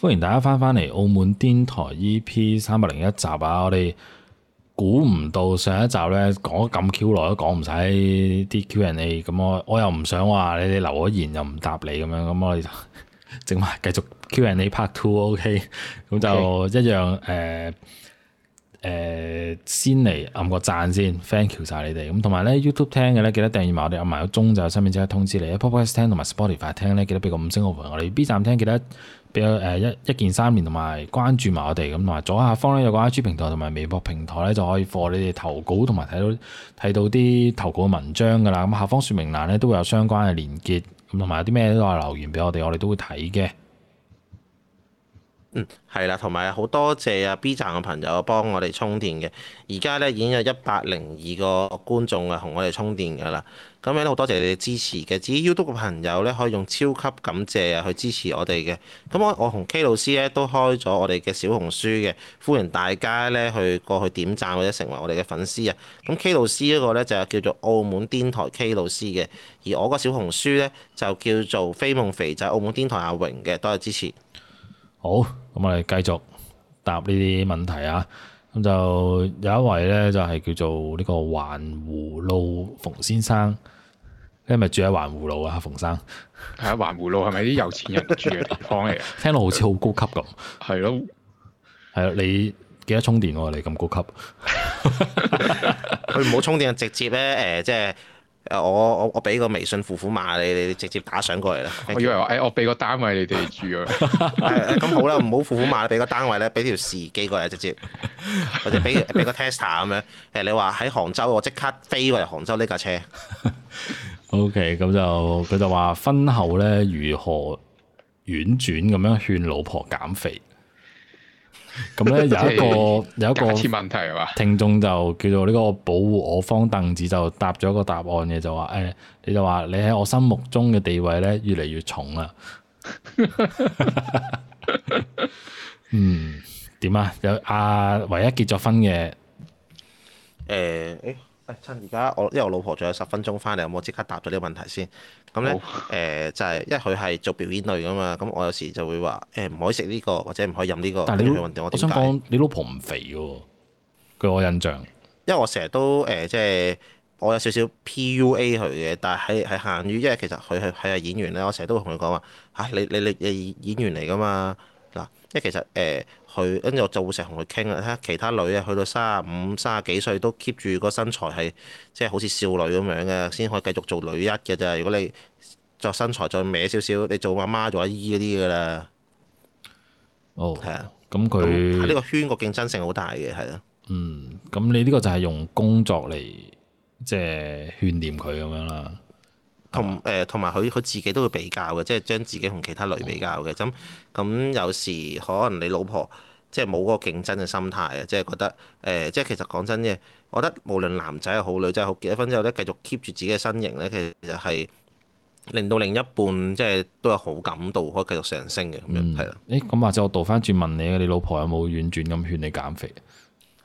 歡迎大家翻返嚟澳門電台 E.P. 三百零一集啊！我哋估唔到上一集咧講咁 Q 耐都講唔晒啲 Q&A，咁、嗯、我我又唔想話你哋留咗言又唔答你咁樣，咁、嗯、我哋就整埋繼續 Q&A part two，OK？、Okay? 咁、 嗯、Okay. 就一樣誒誒、呃呃、先嚟暗個讚先，thank you 晒你哋咁同埋咧 YouTube 聽嘅咧記得訂閱埋我哋，暗埋個鐘就有新片即刻通知你。喺 Apple Podcast 同埋 Spotify 聽咧記得俾個五星好評，我哋 B 站聽記得，比一一鍵三連同埋關注埋我哋咁，同埋左下方呢有個 I G 平台同埋微博平台呢，就可以放你哋投稿同埋睇到睇到啲投稿嘅文章噶啦。咁下方說明欄呢，都會有相關嘅連結，咁同埋有啲咩都係留言俾我哋，我哋都會睇嘅。嗯，係啦，同埋好多謝啊 B 站嘅朋友幫我哋充電嘅，而家呢，已經有一百零二個觀眾啊同我哋充電噶啦。咁樣好多謝你哋支持嘅。至於 YouTube 嘅朋友咧，可以用超級感謝啊去支持我哋嘅。咁我我同 K 老師咧都開咗我哋嘅小紅書嘅，歡迎大家咧去過去點讚或者成為我哋嘅粉絲啊。咁 K 老師嗰個咧就叫做澳門癲台 K 老師嘅，而我個小紅書咧就叫做飛夢肥仔、就是、澳門癲台阿榮嘅。多謝支持。好，咁我哋繼續答呢啲問題啊。咁就有一位咧就係叫做呢個環湖路馮先生。你係咪住喺環湖路啊，馮生。係啊、嗯，環湖路係咪啲有錢人住嘅地方嚟？聽落好似好高級咁。係咯， 係啊，你記得充電喎？你咁高級。佢唔好充電，直接咧誒，即係誒我我我俾個微信付款碼你，你直接打上過嚟啦。我以為謝謝我誒我俾個單位你哋住啊。咁、 嗯嗯嗯嗯、好啦，唔好付款碼啦，俾個單位咧，俾條時機過嚟，直接或者俾俾個 tester 咁樣。誒，你話喺杭州，我即刻飛過嚟杭州呢架車。 O.K. 咁就佢就話婚後咧如何婉轉咁樣勸老婆減肥，咁咧 有一個 有一個問題係嘛？聽眾就叫做呢個保護我方凳子就答咗一個答案嘅就話誒、哎，你就話你喺我心目中嘅地位咧越嚟越重啦。 嗯，點啊？有阿、啊、唯一結咗婚嘅誒？欸趁而家我因為我老婆仲有十分鐘翻嚟，有冇即刻答咗呢個問題先？咁咧誒就係，因為佢係做表演類㗎嘛。咁我有時就會話誒唔可以食呢個或者唔可以飲呢個。但係你我，我想講，你老婆唔肥喎，據我印象。因為我成日都誒即係我有少少 PUA 佢嘅，但係係限於，因為其實佢係係演員咧。我成日都會同佢講話嚇，你你你演演員嚟㗎嘛嗱，因為其實誒。呃去，跟住我就會成日同佢傾啦。睇其他女啊，去到卅啊五、卅啊幾歲都 keep 住個身材係，即係好似少女咁樣嘅，先可以繼續做女一嘅咋。如果你再身材再歪少少，你做媽媽、做阿姨嗰啲噶啦。哦、oh，係啊，咁佢呢個圈個競爭性好大嘅，係啊。嗯，咁你呢個就係用工作嚟即係勸諭佢咁樣啦。同誒同埋佢佢自己都會比較嘅，即係將自己同其他女比較嘅。咁咁、哦、有時可能你老婆即係冇嗰個競爭嘅心態啊，即係覺得誒、呃，即係其實講真嘅，我覺得無論男仔又好女仔好，結咗婚之後咧，繼續 keep 住自己嘅身形咧，其實係令到另一半即係都有好感度可以繼續上升嘅咁、嗯欸、樣。係啦。誒咁，或者我倒翻轉問你，你老婆有冇婉轉咁勸你減肥？誒、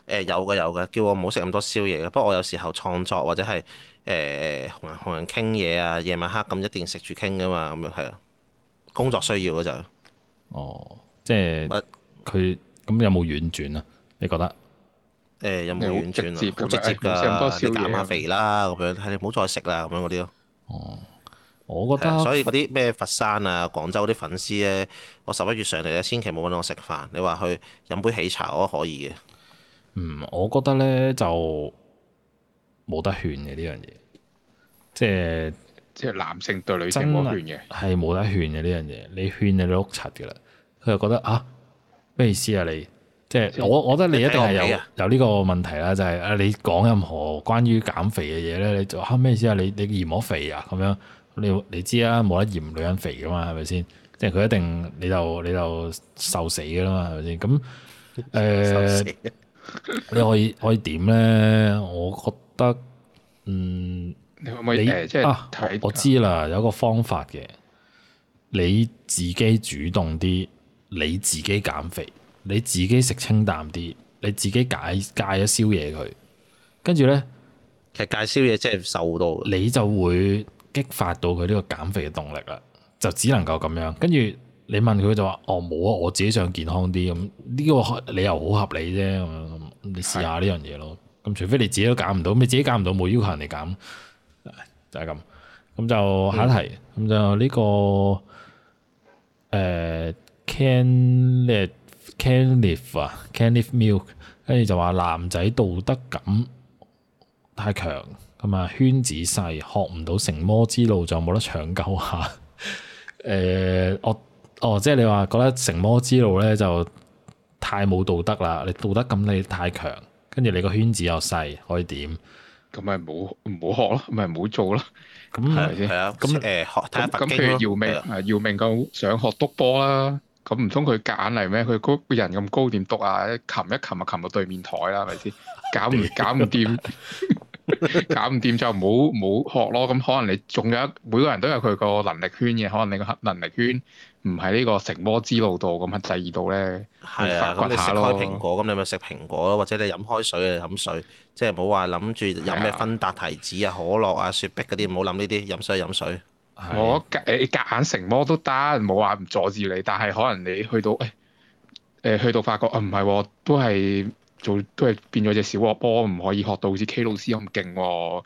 呃、有嘅有嘅，叫我唔好食咁多宵夜嘅。不過我有時候創作或者係。誒同、欸、人同人傾嘢啊，夜晚黑咁一定食住傾噶嘛，咁樣係啊，工作需要咯就。哦，即係。佢咁、欸、它有冇婉轉啊？你覺得？誒有冇婉轉啊？好直接㗎，你減下肥啦，咁樣係你唔好再食啦，咁樣嗰啲咯。哦，我覺得。啊、所以嗰啲咩佛山啊、廣州啲粉絲咧，我十一月上嚟咧，千祈冇揾我食飯。你話去飲杯喜茶我都可以嘅。嗯，我覺得咧就。冇得勸嘅呢樣嘢，即係即係男性對女性冇勸嘅，係冇得勸嘅呢樣嘢。你勸你碌柒嘅啦，佢又覺得啊，咩意思啊？你即係我，我覺得你一定係有有呢個問題啦，就係、是、啊，你講任何關於減肥嘅嘢咧，你就嚇咩、啊、意思啊？你你嫌我肥啊？咁樣你你知啦，冇得嫌女人肥噶嘛，係咪先？即係佢一定你就你就瘦死噶啦，係咪先？咁誒，呃、死 你可以可以點咧？我覺得。嗯，你可唔可以，啊，我知啦，有一個方法嘅，你自己主動啲，你自己減肥，你自己食清淡啲，你自己戒戒咗宵夜佢，跟住呢，其實戒宵夜真係瘦好多，你就會激發到佢呢個減肥嘅動力啦，就只能夠咁樣。跟住你問佢就話，哦冇啊，我自己想健康啲咁，呢個理由好合理啫，咁你試下呢樣嘢咯。咁除非你自己都減唔到，你自己減唔到，冇要求人哋減，就係咁。咁就下一題，咁、嗯、就呢個誒 Candle，Candle 啊，Candle Milk，跟住就話男仔道德感太強，咁啊圈子細，學唔到成魔之路就冇得搶救下。誒、 呃，我哦，即係你話覺得成魔之路咧就太冇道德啦，你道德感你太強。跟住你個圈子又細，可以點？咁咪唔好學咯，咪唔好做咯。咁係咪先？咁誒學睇咁姚明啊！姚明咁想學篤波啦，咁唔通佢揀嚟咩？佢個人咁高點篤啊？擒一擒啊，擒到對面台啦，係咪先？搞唔 搞唔掂？搞唔掂 就唔好學咯。咁可能你仲有每個人都有佢個能力圈嘅，可能你個能力圈。唔係呢個食魔之路度咁嘅制度咧，係啊，咁你食開蘋果，咁你咪食蘋果咯，或者你飲開水啊，飲水，即係唔好話諗住飲咩芬達、提子啊、啊可樂啊、雪碧嗰啲，唔好諗呢啲，飲水飲水。啊、我隔隔硬食魔都得，冇話唔阻止你，但係可能你去到誒誒、哎、去到發覺啊，唔係喎，都係做都係變咗隻小惡魔，唔可以學到好似 K 老師咁勁喎。.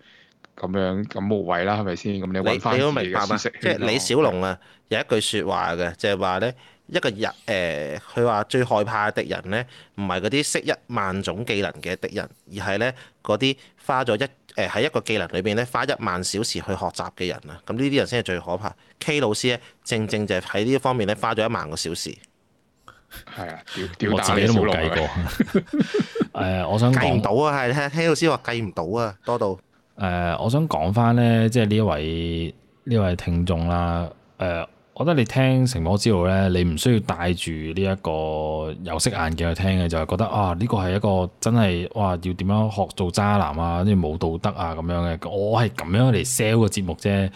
咁樣咁無謂啦，係咪先？咁你揾翻自己嘅知識。係咪即係李小龍啊，有一句說話嘅，就係話咧，一個人誒，佢、呃、話最害怕嘅敵人咧，唔係嗰啲識一萬種技能嘅敵人，而係咧嗰啲花咗一誒喺、呃、一個技能裏邊咧花一萬小時去學習嘅人啊。咁呢啲人先係最可怕。K 老師咧，正正就係喺呢一方面咧花咗一萬個小時。係啊，我自己都冇 計過。誒，我想計唔到啊，係聽、啊、聽老師話計唔到啊，多到。誒、呃，我想講翻咧，即係呢一位呢位聽眾啦。誒、呃，我覺得你聽《成魔之路》咧，你唔需要戴住呢一個有色眼鏡去聽嘅，就係、是、覺得啊，呢、這個係一個真係哇，要點樣學做渣男啊，即係冇道德啊咁樣嘅。我係咁樣嚟 sell 個節目啫。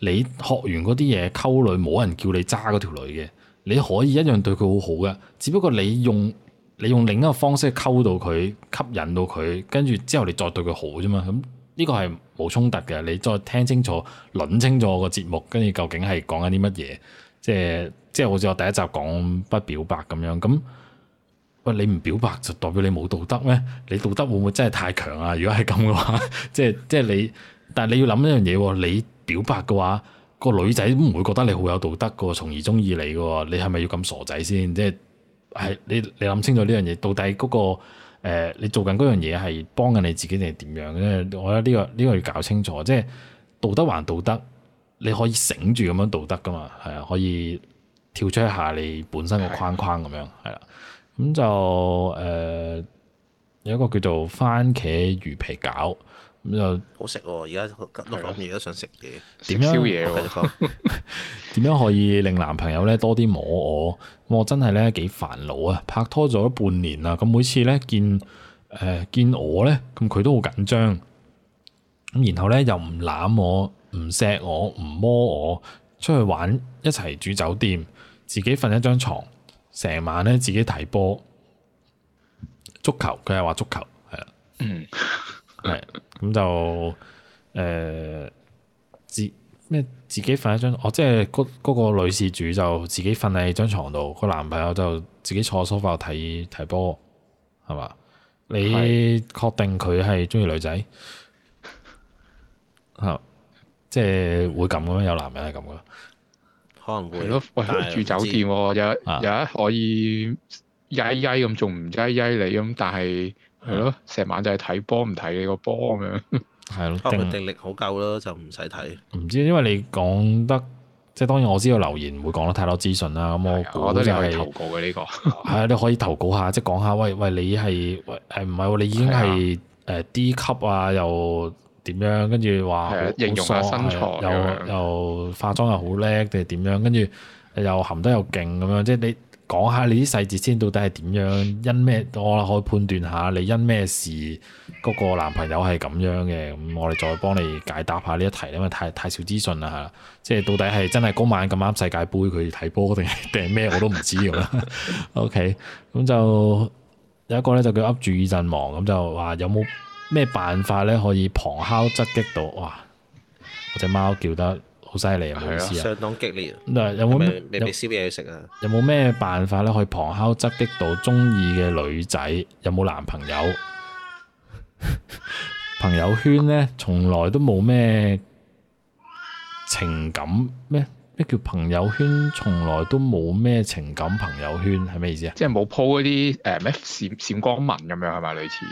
你學完嗰啲嘢溝女，冇人叫你渣嗰條女嘅，你可以一樣對佢好好嘅，只不過你用你用另一個方式溝到佢，吸引到佢，跟住之後你再對佢好啫嘛。咁、嗯。呢個係冇衝突嘅，你再聽清楚、諗清楚個節目，跟住究竟係講緊啲乜嘢？即係即係好似我第一集講不表白咁樣。咁喂，你唔表白就代表你冇道德咩？你道德會唔會真係太強啊？如果係咁嘅話，即係即係你，但係你要諗一樣嘢，你表白嘅話，個女仔唔會覺得你好有道德嘅喎，從而中意你嘅喎。你係咪要咁傻仔先？即係係你你諗清楚呢樣嘢，到底嗰個。誒、呃，你做緊嗰樣嘢係幫緊你自己定係點樣咧？嗯、我覺得呢、呢個呢、呢個要搞清楚，即係道德還道德，你可以醒住咁樣道德噶嘛，係啊，可以跳出一下你本身個框框咁樣，係啦，咁就誒、呃、有一個叫做番茄魚皮餃，咁就又好食喎，啊！而家碌緊嘢都想食嘢，點樣點樣可以令男朋友咧多啲摸我？我真係咧幾煩惱啊！拍拖咗半年啦，咁每次咧見誒、呃、見我咧，咁佢都好緊張。咁然後咧又唔攬我，唔錫我，唔摸我，出去玩一齊住酒店，自己瞓一張床，成晚咧自己睇波、足球。佢係話足球係啦。 係，咁、 嗯、就誒、嗯、自咩自己瞓喺張，我即係嗰嗰個女事主就自己瞓喺張床度，個男朋友就自己坐梳化睇睇波，係嘛？你確定佢係中意女仔？啊， 即、就、係、是、會咁嘅咩？有男人係咁嘅？可能會咯，我對、呃嗯、住酒店有有一可以曳曳咁，仲唔曳曳你咁，但係。係咯，成晚就係睇波唔睇你個波咁樣，係 咯，定力好夠咯，就唔使睇。唔知，因為你講得，即係當然我知道留言唔會講得太多資訊啦。咁的我覺得你、就係、可以投稿嘅呢個係啊，你可以投稿下， 即係講下，喂喂，你係誒唔係你已經係誒 D 級啊，又點樣？跟住話形容下身材，又又化妝又好叻定係點樣？跟住又含得又勁咁樣，即係你。講下你啲細節先，到底係點樣？因咩？我可以判斷下你因咩事嗰個男朋友係咁樣嘅。咁我哋再幫你解答下呢一題，因為太太少資訊啦。係啦，即係到底係真係嗰晚咁啱世界盃佢睇波定係定係咩我都唔知啦。 OK，咁就有一個咧就叫「噏住耳陣亡」。咁就話有冇咩辦法咧可以旁敲側擊到？哇！嗰隻貓叫得～好犀利啊！係啊，相當激烈。有冇咩燒嘢食啊？有冇咩有辦法咧可以旁敲側擊到中意嘅女仔？有冇男朋友？ 朋友圈呢，從來都冇咩情感咩？咩叫朋友圈從來都冇咩情感？朋友圈係咩意思啊？即係冇 po 嗰啲誒咩閃光文咁樣係嘛？類似。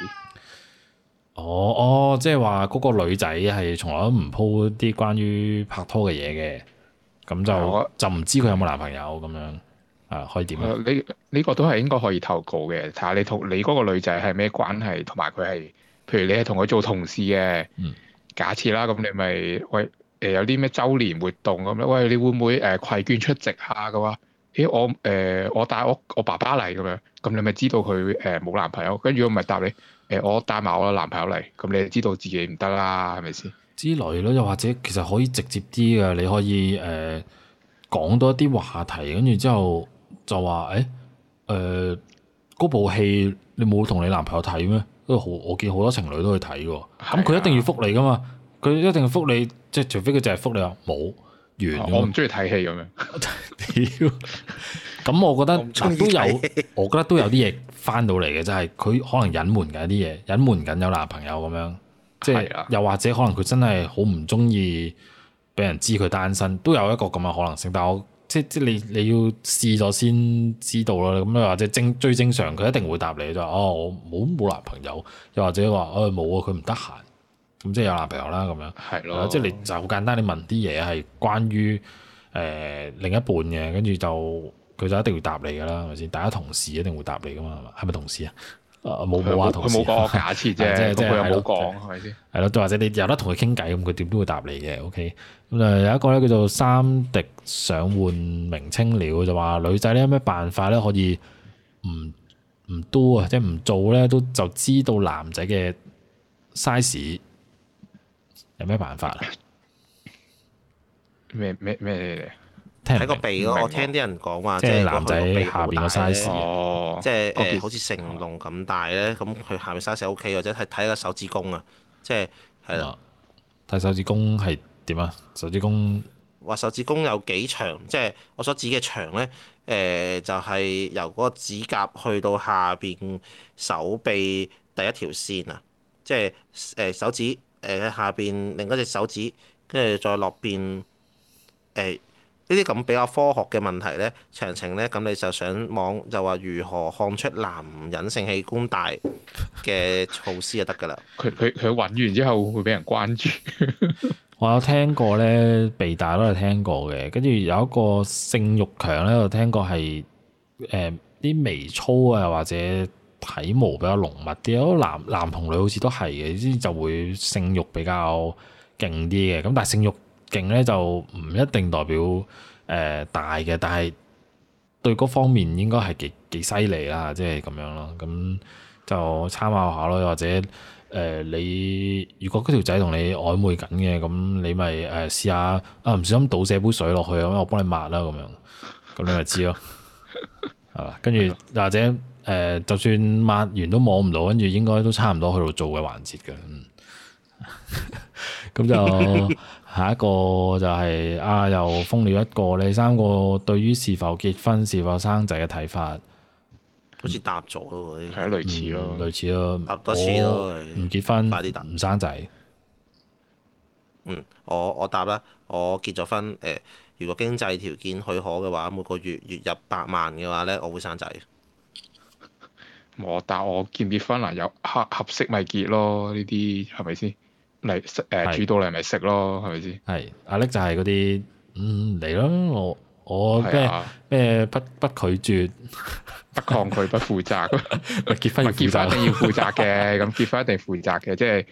哦哦，即係話嗰個女仔係從來都唔 po 啲關於拍拖嘅嘢嘅，咁就果就唔知佢有冇男朋友咁樣啊？可以點啊？你呢個都係應該可以投稿嘅，睇下你同你嗰個女仔係咩關係，同埋佢係，譬如你係同佢做同事嘅，嗯、假設啦，咁你咪喂誒有啲咩周年活動咁咧？喂，你會唔會誒攜、呃、眷出席下噶？咦，我誒、呃、我帶我我爸爸嚟咁樣，咁你咪知道佢誒冇男朋友，跟住我咪答你。誒、欸，我帶埋我男朋友嚟，咁你知道自己唔得啦，係咪先？之類咯，又或者其實可以直接啲嘅，你可以誒講、呃、多啲話題，跟住之後就話誒，誒、欸、嗰、呃、部戲你冇同你男朋友睇咩？因為好，我見好多情侶都去睇嘅，咁佢一定要覆你噶嘛，佢是、啊、一定要覆你，即係除非佢淨係覆你啊，冇。我唔中意睇戲咁樣，屌！咁我覺得我 都有，我覺得都有啲嘢翻到嚟嘅，就係、是、佢可能隱瞞緊啲嘢，隱瞞緊有男朋友咁樣，即係的又或者可能佢真係好唔中意俾人知佢單身，都有一個咁嘅可能性。但係我即係你你要試咗先知道啦。咁你或者正最正常，佢一定會答你就話，哦，我冇冇男朋友，又或者話，誒冇啊，佢唔得閒。咁即係有男朋友啦，咁樣係咯，即係你就好簡單。你問啲嘢係關於誒另一半嘅，跟住就佢就一定會答你㗎啦，係咪先？大家同事一定會答你㗎嘛，係咪同事啊？冇冇話同事，佢冇講假設啫，即係佢又冇講係咪先？係咯，或者你有得同佢傾偈咁，佢點都會答你嘅。OK，咁誒有一個咧叫做三滴想換名稱了，就話女仔咧有咩辦法咧可以唔唔多啊，即係唔做咧都就知道男仔嘅 size。有咩辦法啊？咩咩咩？睇個鼻咯，我聽啲人講話、嗯，即係男仔下邊有 size，即係好似成龍咁大咧，咁佢下面 size OK，或者係睇個手指公啊，即係係啦。睇手指公係點啊？手指公？話手指公有幾長？即係我所指嘅長咧，誒、呃、就係、是、由嗰個指甲去到下邊手臂第一條線啊，即係誒、呃、手指。誒，下邊另一隻手指，跟住再落邊。誒，呢啲咁比較科學嘅問題呢詳情呢，咁你就上網就話如何看出男人性器官大嘅措施就得噶啦。佢佢佢揾完之後會俾人關注。 我有聽過呢，鼻大都係聽過嘅，跟住有一個性欲強呢，我聽過係啲、呃、微粗啊或者。體毛比較濃密啲，男男同女好似都係嘅，之就會性欲比較勁啲嘅。咁但係性欲勁咧就唔一定代表誒、呃、大嘅，但係對嗰方面應該係幾幾犀利啦，即係咁樣咯。咁就參考下咯，或者誒、呃、你如果嗰條仔同你曖昧緊嘅，咁、嗯、你咪誒試下啊，唔小心倒瀉杯水落去咁、嗯，我幫你抹啦咁樣，咁你就知咯。係、 嗯、跟住或者。誒、呃，就算抹完都摸唔到，跟住應該都差唔多去到做嘅環節嘅。咁 就下一個就係、是、 啊，又封了一個。你三個對於是否結婚、是否生仔嘅睇法，好似答咗喎。係類似咯、嗯，類似咯，答多得 我 次咯。唔結婚，快啲答唔生仔。嗯，我我答啦。我結咗婚誒，如果經濟條件許可嘅話，每個月月入百萬嘅話咧，我會生仔。我答我結唔結婚啊？有合合適咪結咯？呢啲係咪先嚟識誒？遇到嚟咪識咯？係咪先？係阿叻就係嗰啲嗯嚟咯。我我咩咩不不拒絕，不抗拒，不負責。咪結婚要負責要負責嘅，咁結婚一定負責嘅。即係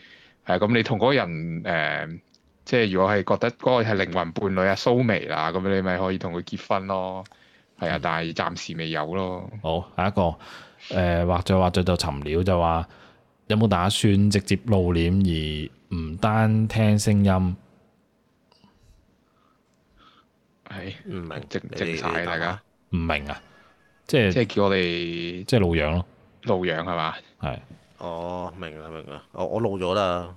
係咁，你同嗰個人誒，即係如果係覺得嗰個係靈魂伴侶啊、蘇眉啦，咁你咪可以同佢結婚咯。係啊，但係暫時未有咯。好，下一個。誒、呃，或者或者就尋料就話有冇打算直接露臉而唔單聽聲音？係唔明，直直晒大家唔明啊！即係即係叫我哋即係露樣咯，露樣係嘛？係哦是、oh,，明啦明啦，哦、oh, 我露咗啦，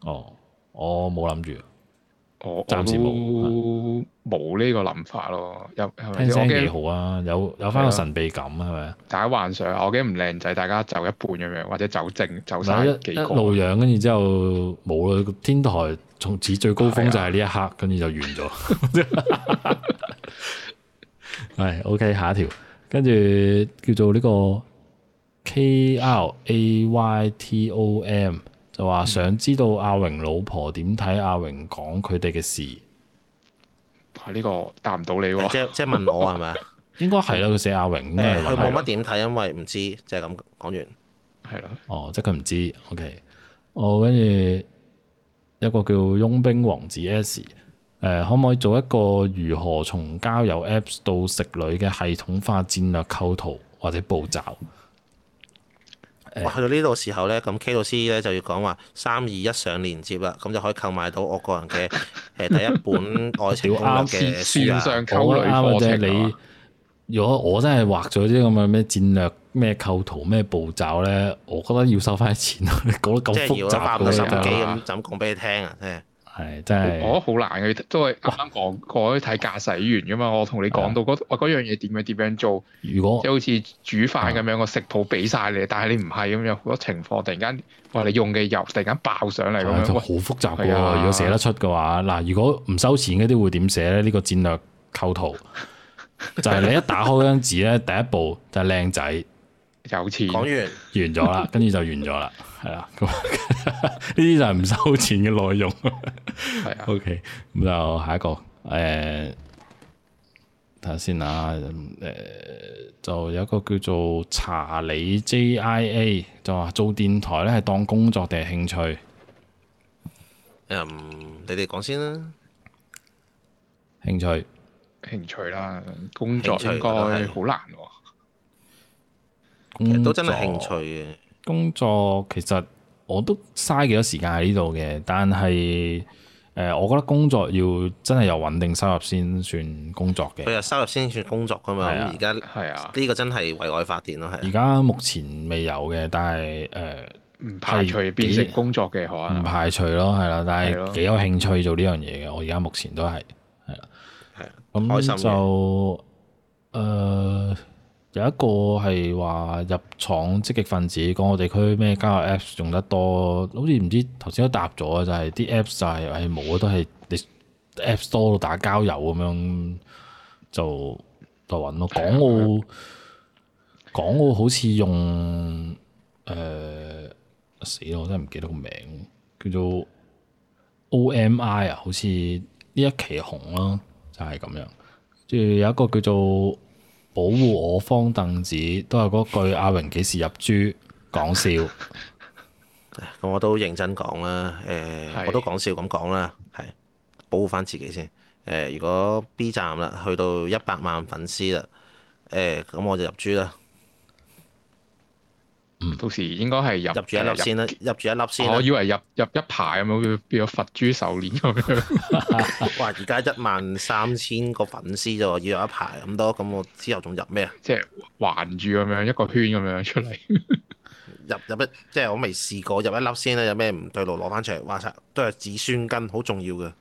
哦、oh, 我冇諗住。我暫時冇冇呢個諗法咯，有聽聲幾好啊，怕有有翻個神秘感係、啊、咪、啊、大家幻想我驚唔靚仔，大家走一半咁樣，或者走正走曬幾個路樣，跟住之後冇啦。天台從此最高峰就係呢一刻，跟住、啊、就完咗。係 OK，下一條，跟住叫做呢、這個 KRAYTOM。K R A Y T O M, 就話想知道阿榮老婆點睇阿榮講佢哋嘅事，係呢個答唔到你喎，即即係問我係咪？應該係啦，佢寫阿榮，誒，佢冇乜點睇，因為唔知，就係咁講完，係咯的。哦，即係佢唔知，OK。哦，跟住一個叫傭兵王子 S，誒、呃，可唔可以做一個如何從交友 Apps 到食女嘅系統化戰略構圖或者步驟？我去到呢度時候咧，咁 K 老師咧就要講話三二一上連接啦，咁就可以購買到我個人嘅誒第一本愛情攻略嘅書啊！ 好啱啊，即係你如果我真係畫咗啲咁嘅咩戰略、咩構圖、咩步驟咧，我覺得要收翻錢，你講得咁複雜，即係要花唔到十幾咁，就咁講俾你聽啊！即係真係，我覺得好難嘅，都係啱啱講講啲睇駕駛員噶嘛。我同你講到嗰樣嘢點樣點樣做，如果即係好似煮飯咁樣，個的食譜俾晒你，但係你唔係咁樣好多情況，突然間話你用嘅油突然間爆上嚟咁就好複雜嘅喎。的如果寫得出嘅話，嗱，如果唔收錢嗰啲會點寫咧？呢個戰略構圖 就係你一打開張紙咧，第一步就係靚仔。有錢講完完咗啦，跟住就完咗啦，係啦。呢啲就係唔收錢嘅內容。係啊。OK，咁就下一個。誒，睇下先啊。誒，就有一個叫做查理 Jia，就話做電台咧係當工作定係興趣？嗯，你哋講先啦。興趣，興趣啦。工作應該好難。其實都真係興趣嘅工作，工作其實我都嘥幾多時間喺呢度嘅。但係誒、呃，我覺得工作要真係有穩定收入先算工作嘅。佢有收入先算工作噶嘛？而家係啊，呢在、啊、個真係為愛發電咯。係而家目前未有嘅，但係誒，唔、呃、排除變成工作嘅可能。唔排除咯，係啦、啊，但係幾、啊、有興趣做呢樣嘢嘅。我而家目前都係係啊，咁、啊、就誒。呃有一個係話入廠積極分子，港澳地區咩交友 Apps 用得多？好似唔知頭先都答咗啊，就係、是、啲 Apps 就係係冇啊，都係你 Apps 多到打交友咁樣就就揾咯。港澳 港澳好似用誒、呃、死咯，我真係唔記得個名，叫做 OMI 啊，好似呢一期紅啦、啊，就係、是、咁樣。跟住有一個叫做。保護我方凳子，都係嗰句阿榮幾時入珠講笑，咁我都認真講啦。誒，我都講笑咁講啦，係保護翻自己先。誒，如果 B 站啦，去到一百萬粉絲啦，誒，咁我就入珠啦。到時應該係入入住一粒先啦，入，先入，入住一粒先。我以為入一入一排咁樣，變咗佛珠手鏈咁樣。哇，而家一萬三千個粉絲就要入一排咁多，咁我之後仲入咩啊？即係環住咁樣，一個圈咁樣出嚟。 入入一，即係我未試過，入一粒先啦。有咩唔對路攞翻出嚟？話晒，都係子孫根，好重要嘅。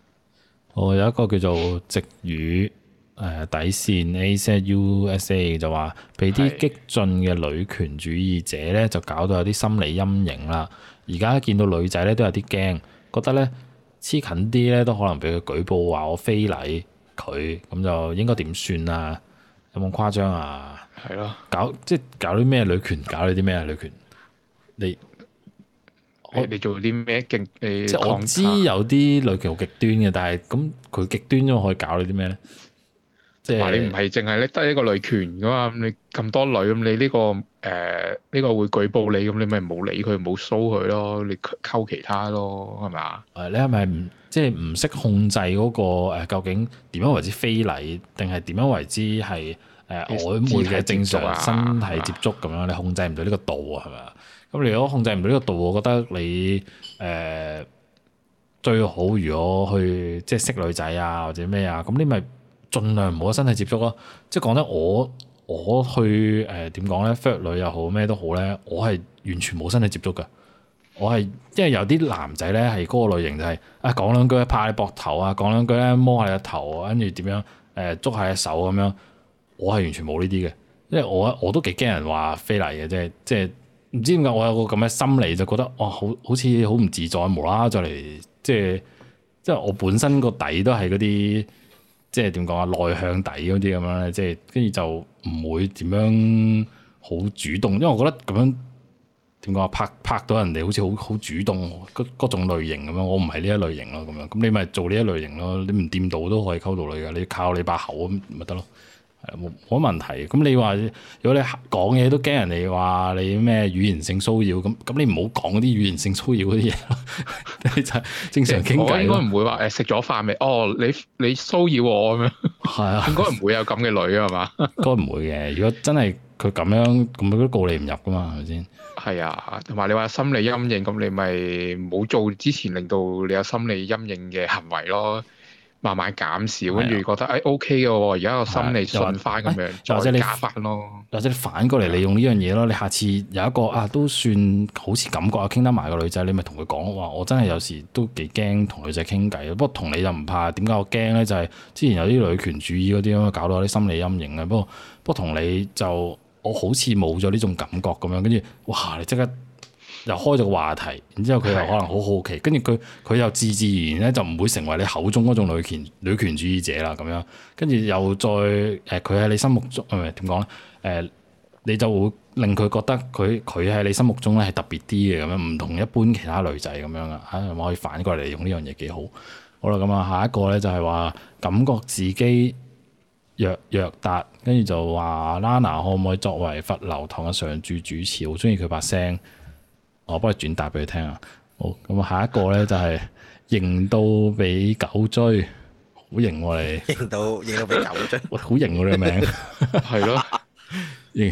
我、哦、有一個叫做鯽魚。哎、底線 a s USA 就話俾啲激進嘅女權主義者咧，就搞到有啲心理陰影啦。而家見到女仔咧，都有啲驚，覺得咧黐近啲咧都可能俾佢舉報話我非禮佢，咁就應該點算啊？有冇誇張啊？係咯的，搞即係搞啲咩女權，搞你啲咩女權？你我你做啲咩極？誒、uh，即係我知有啲女權好極端嘅，但係咁佢極端咗可以搞你啲咩呢？嗱、就是、你唔係淨係拎得一個女權噶嘛，你咁多女咁你呢、這個誒呢、呃，這個會舉報你，咁你咪冇理佢冇騷佢咯，你溝其他咯係咪啊？誒你係咪唔即係唔識控制嗰、那個究竟點樣為之非禮，定係點樣為之係誒曖昧嘅正常、啊、身體接觸咁樣？你控制唔到呢個度啊係咪啊？咁你如果控制唔到呢個度，我覺得你誒、呃、最好如果去即係識女仔啊或者咩啊，咁你咪、就是。儘量唔好身體接觸咯，即係講得我我去誒點講咧，肥女又好咩都好咧，我係完全冇身體接觸嘅，我係因為有啲男仔咧係嗰個類型就係啊講兩句拍你膊頭啊講兩句咧摸下你個頭啊，跟住點樣誒捉下隻手咁樣，我係完全冇呢啲嘅，因為我我都幾驚人話非禮嚟嘅，即係即係唔知點解我有個咁嘅心理就覺得哇好好似好唔自在，無啦啦再嚟即係即係我本身個底都係嗰啲。即係點講啊？內向底嗰啲咁樣咧，即係跟住就唔會點樣好主動，因為我覺得咁樣點講啊？拍拍到人哋好似好好主動嗰嗰種類型咁樣，我唔係呢一類型咯，咁樣咁你咪做呢一類型咯。你唔掂到都可以溝到女嘅，你靠你把口咪得咯。冇冇問題。咁你話，如果你講嘢都驚人哋話你咩語言性騷擾，咁咁你唔好講嗰啲語言性騷擾嗰啲嘢，你就正常傾偈。我應該唔會話誒食咗飯未？哦，你你騷擾我咁樣。係 啊。 應該唔會有咁嘅女啊嘛。 應該唔會嘅。如果真係佢咁樣，咁佢都告你唔入噶嘛？係咪先？係啊。同埋你話心理陰影，咁你咪冇做之前令到你有心理陰影嘅行為咯。慢慢減少，跟住覺得誒的、哎、OK 嘅喎，而家個心理順翻咁樣，再加翻咯。或者你反過嚟，利用呢樣嘢咯。的你下次有一個啊，都算好似感覺啊，傾得埋個女仔，你咪同佢講話，我真係有時都幾驚同女仔傾偈。不過同你就唔怕，點解我驚咧？就係、是、之前有啲女權主義嗰啲咁，搞到有啲心理陰影啊。不過不過同你就我好似冇咗呢種感覺咁樣，跟住哇，你即刻～又開咗個話題，然之後佢又可能好好奇，的跟住佢佢又自自然然咧，就唔會成為你口中嗰種女權女權主義者啦。咁樣跟住又再誒，佢、呃、喺你心目中誒點講咧？誒、哎呃，你就會令佢覺得佢佢喺你心目中咧係特別啲嘅咁樣，唔同一般其他女仔咁樣啊。嚇、哎，我可以反過嚟用呢樣嘢幾好好啦。咁啊，下一個咧就係話感覺自己弱弱達，跟住就話 Lana 可唔可以作為佛流堂嘅常駐主持？好中意佢把聲。哦、我幫你轉達俾佢聽啊，好，咁啊下一個咧就係、是、型 到俾狗追，好型我、啊、哋。型到型到俾狗追，好型我、啊、你個名，係咯，型。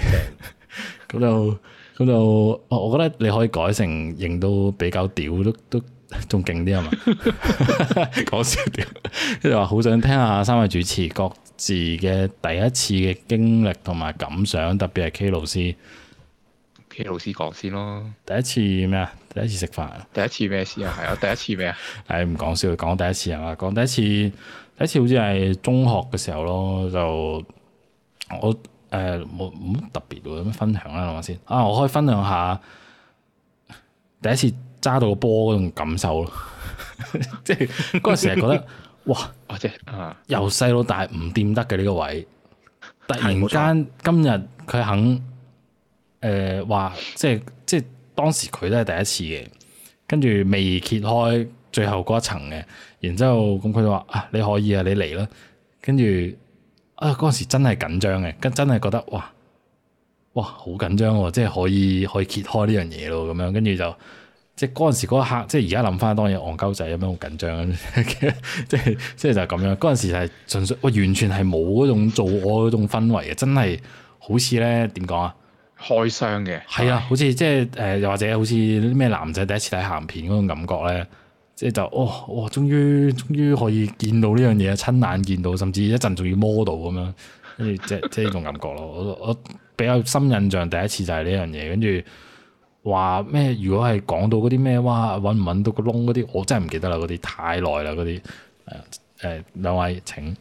咁就咁就，我我覺得你可以改成型到比較屌，都都仲勁啲係嘛？講笑屌，跟住話好想聽下三位主持各自嘅第一次嘅經歷同埋感想，特別係 K 老師。啲老師講先咯，第，第一次咩啊？第一次食飯， 第一次咩事啊？係啊，第一次咩啊？誒唔講笑，講第一次係嘛？講第一次，第一次好似係中學嘅時候咯，就我誒冇冇乜特別喎，有乜分享啦、啊。我先啊！我可以分享下第一次揸到個波嗰種感受咯，即係嗰陣時係覺得哇，即係啊，由細到大唔掂得嘅呢、呢個位，突然間錯今日佢肯。誒話、呃、即係即係當時佢都係第一次嘅，跟住未揭開最後嗰層嘅，然之後咁佢就話：啊，你可以啊，你嚟啦！跟住啊，嗰陣時真係緊張嘅，真真係覺得哇哇好緊張喎，即係可以可以揭開呢樣嘢咯，咁樣跟住就即係嗰陣時嗰一刻，即係而家諗翻當然戇鳩仔咁樣好緊張、嗯嗯？即係即係就咁、是、樣，嗰陣、就是、時係、就是、純粹喂，完全係冇嗰種做愛嗰種氛圍嘅，真係好似咧點講啊？開箱嘅係啊，是好似即係誒，又、呃、或者好似啲咩男仔第一次睇鹹片嗰種感覺咧，即係就、是、就哦，哇，終於終於可以見到呢樣嘢，親眼見到，甚至一陣仲要摸到咁樣，跟住即即係呢種感覺咯。 我我比較深印象，第一次就係呢樣嘢。跟住話咩？如果係講到嗰啲咩，哇，搵唔搵到個窿嗰啲，我真係唔記得啦，嗰啲太耐啦，嗰啲誒，兩、呃、位請。